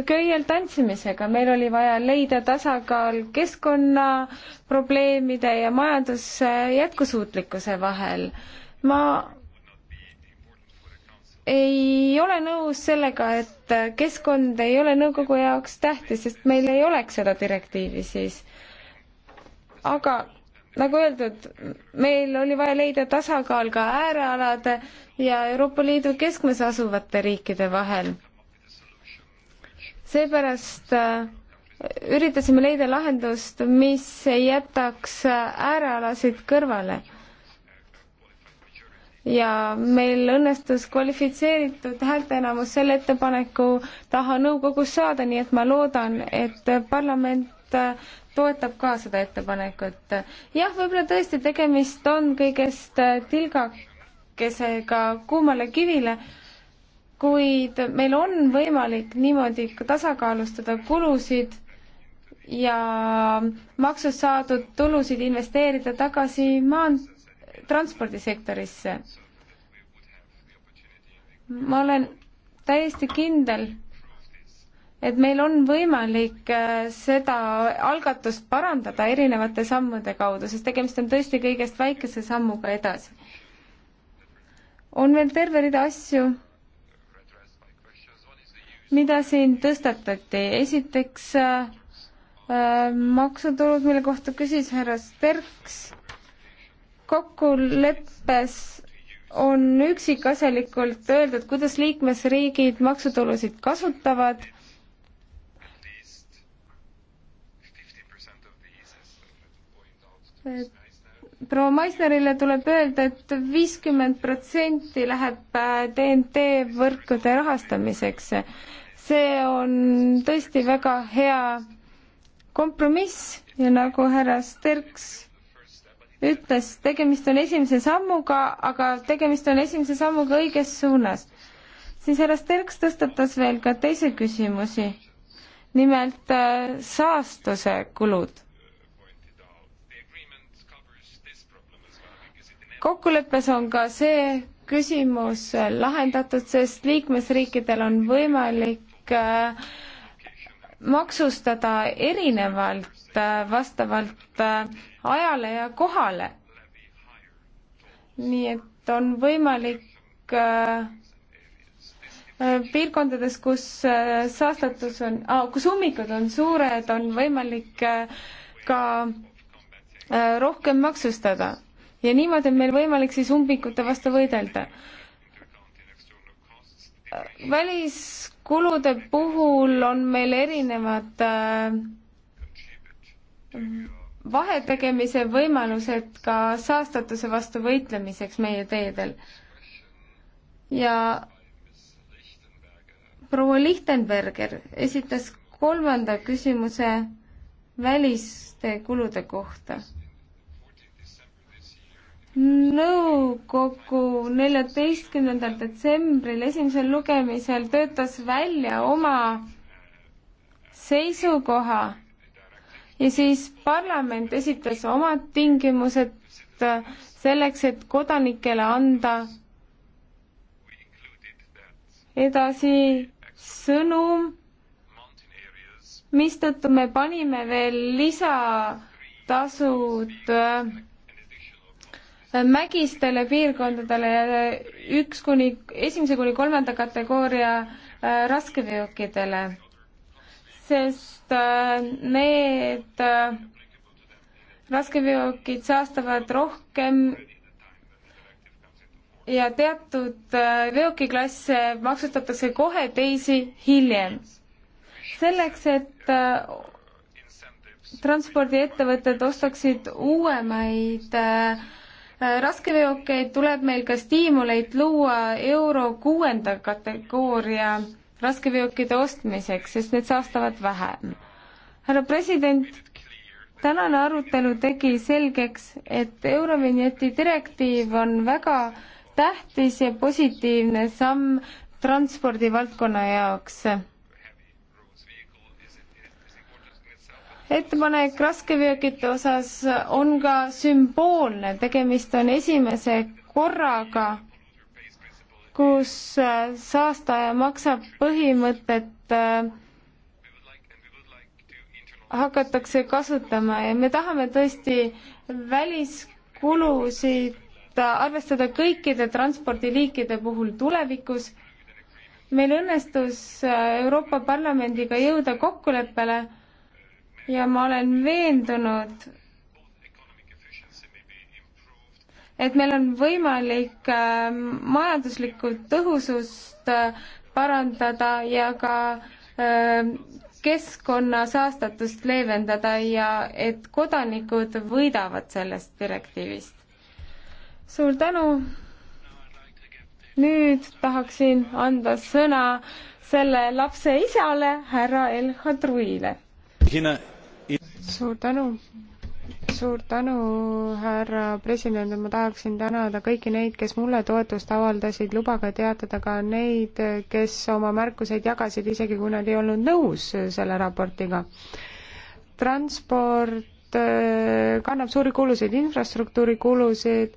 köiel tantsimisega. meil oli vaja leida tasakaal keskkonnaprobleemide ja majanduse äh, jätkusuutlikkuse vahel. ma ei ole nõus sellega, et keskkond ei ole nõukogu jaoks tähtis, sest meil ei oleks seda direktiivi siis. aga nagu öeldud, meil oli vaja leida tasakaal ka äärealade ja Euroopa Liidu keskmes asuvate riikide vahel. seepärast äh, üritasime leida lahendust, mis ei jätaks äärealasid kõrvale. ja meil õnnestus kvalifitseeritud häälteenamus selle ettepaneku taha nõukogus saada, nii et ma loodan, et parlament äh, toetab ka seda ettepanekut. jah, võib-olla tõesti tegemist on kõigest äh, tilgakesega kuumale kivile, kuid meil on võimalik niimoodi tasakaalustada kulusid ja maksust saadud tulusid investeerida tagasi maantranspordisektorisse. ma olen täiesti kindel, et meil on võimalik äh, seda algatust parandada erinevate sammude kaudu, sest tegemist on tõesti kõigest väikese sammuga edasi. on veel terve rida asju, mida siin tõstatati, esiteks äh, äh maksutulud, mille kohta küsis härra Sterks, kokkuleppes on üksikasjalikult öeldud, kuidas liikmesriigid maksutulusid kasutavad proua Maisnerile tuleb öelda et, et viiskümmend protsenti läheb TNT äh, võrkude rahastamiseks. see on tõesti väga hea kompromiss ja nagu härra Sterks ütles, tegemist on esimese sammuga, aga tegemist on esimese sammuga õiges suunas. siis härra Sterks tõstatas veel ka teisi küsimusi, nimelt äh, saastuse kulud kokkuleppes on ka see küsimus lahendatud, sest liikmesriikidel on võimalik äh, maksustada erinevalt äh, vastavalt äh, ajale ja kohale. nii et on võimalik piirkondades, kus saastatus on ah,, kus ummikud on suured, on võimalik ka rohkem maksustada ja niimoodi on meil võimalik siis umbikute vastu võidelda. väliskulude puhul on meil erinevad äh, vahetegemise võimalused ka saastatuse vastu võitlemiseks meie teedel. ja proua Lichtenberger esitas kolmanda küsimuse väliste kulude kohta nõukogu neljateistkümnendal detsembril esimesel lugemisel töötas välja oma seisukoha ja siis parlament esitas omad tingimused selleks, et kodanikele anda edasi sõnum, mistõttu me panime veel lisatasud äh, mägistele piirkondadele ja üks kuni, esimese kuni kolmanda kategooria äh, raskeveokitele, sest äh, need äh, raskeveokid saastavad rohkem ja teatud veokiklasse maksustatakse kohe teisi hiljem. selleks, et transpordiettevõtted ostaksid uuemaid äh, raskeveokeid tuleb meil ka stiimuleid luua euro kuuenda kategooria raskeveokite ostmiseks, sest need saastavad vähem. härra president, tänane arutelu tegi selgeks, et Eurovinjeti direktiiv on väga tähtis ja positiivne samm transpordivaldkonna jaoks ettepanek raskeveokite osas on ka sümboolne, tegemist on esimese korraga, kus saastaja maksab põhimõtet äh, hakatakse kasutama ja me tahame tõesti väliskulusid arvestada kõikide transpordiliikide puhul tulevikus. meil õnnestus äh, Euroopa Parlamendiga jõuda kokkuleppele ja ma olen veendunud, et meil on võimalik ähm, majanduslikult tõhusust äh, parandada ja ka ähm, keskkonna saastatust leevendada ja et kodanikud võidavad sellest direktiivist. suur tänu. nüüd tahaksin anda sõna selle lapse isale, härra El Hadruile suur tänu. suur tänu, härra president, ma tahaksin tänada kõiki neid, kes mulle toetust avaldasid, lubage teatada ka neid, kes oma märkuseid jagasid, isegi kui nad ei olnud nõus selle raportiga. transport äh, kannab suuri kulusid, infrastruktuuri kulusid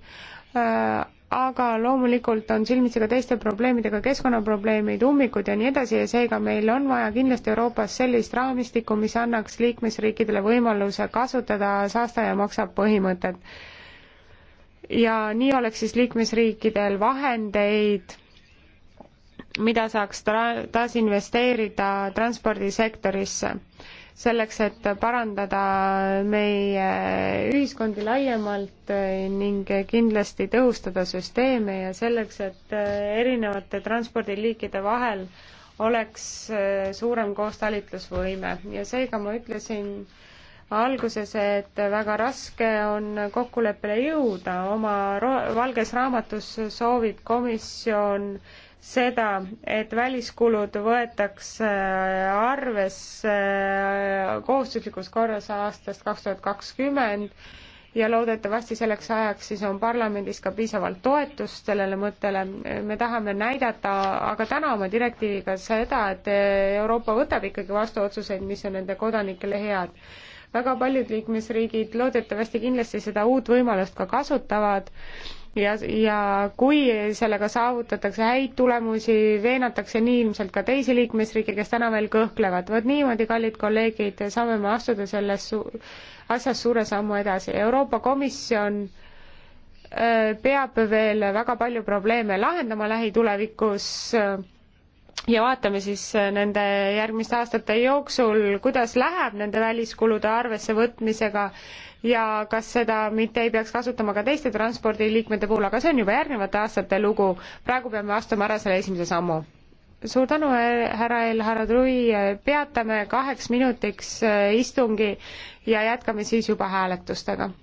äh,, aga loomulikult on silmitsi ka teiste probleemidega, keskkonnaprobleemid, ummikud ja nii edasi ja seega meil on vaja kindlasti Euroopas sellist raamistikku, mis annaks liikmesriikidele võimaluse kasutada saastaja maksab põhimõtet. ja nii oleks siis liikmesriikidel vahendeid, mida saaks tra-, tasinvesteerida transpordisektorisse selleks, et parandada meie ühiskondi laiemalt ning kindlasti tõhustada süsteeme ja selleks, et erinevate transpordiliikide vahel oleks suurem koostalitlusvõime ja seega ma ütlesin alguses, et väga raske on kokkuleppele jõuda, oma ro-, valges raamatus soovib komisjon seda, et väliskulud võetakse arvesse äh, kohustuslikus korras aastast kaks tuhat kakskümmend ja loodetavasti selleks ajaks siis on parlamendis ka piisavalt toetust sellele mõttele. me tahame näidata aga täna oma direktiiviga seda, et Euroopa võtab ikkagi vastu otsuseid, mis on nende kodanikele head. väga paljud liikmesriigid loodetavasti kindlasti seda uut võimalust ka kasutavad ja, ja kui sellega saavutatakse häid tulemusi, veenatakse nii ilmselt ka teisi liikmesriike, kes täna veel kõhklevad. vot niimoodi, kallid kolleegid, saame me astuda selles su asjas suure sammu edasi. Euroopa Komisjon äh, peab veel väga palju probleeme lahendama lähitulevikus äh, ja vaatame siis äh, nende järgmiste aastate jooksul, kuidas läheb nende väliskulude arvesse võtmisega ja kas seda mitte ei peaks kasutama ka teiste transpordiliikmete puhul, aga see on juba järgnevate aastate lugu. praegu peame astuma ära selle esimese sammu. suur tänu, äh, härra El Haradrui, peatame kaheks minutiks äh, istungi ja jätkame siis juba hääletustega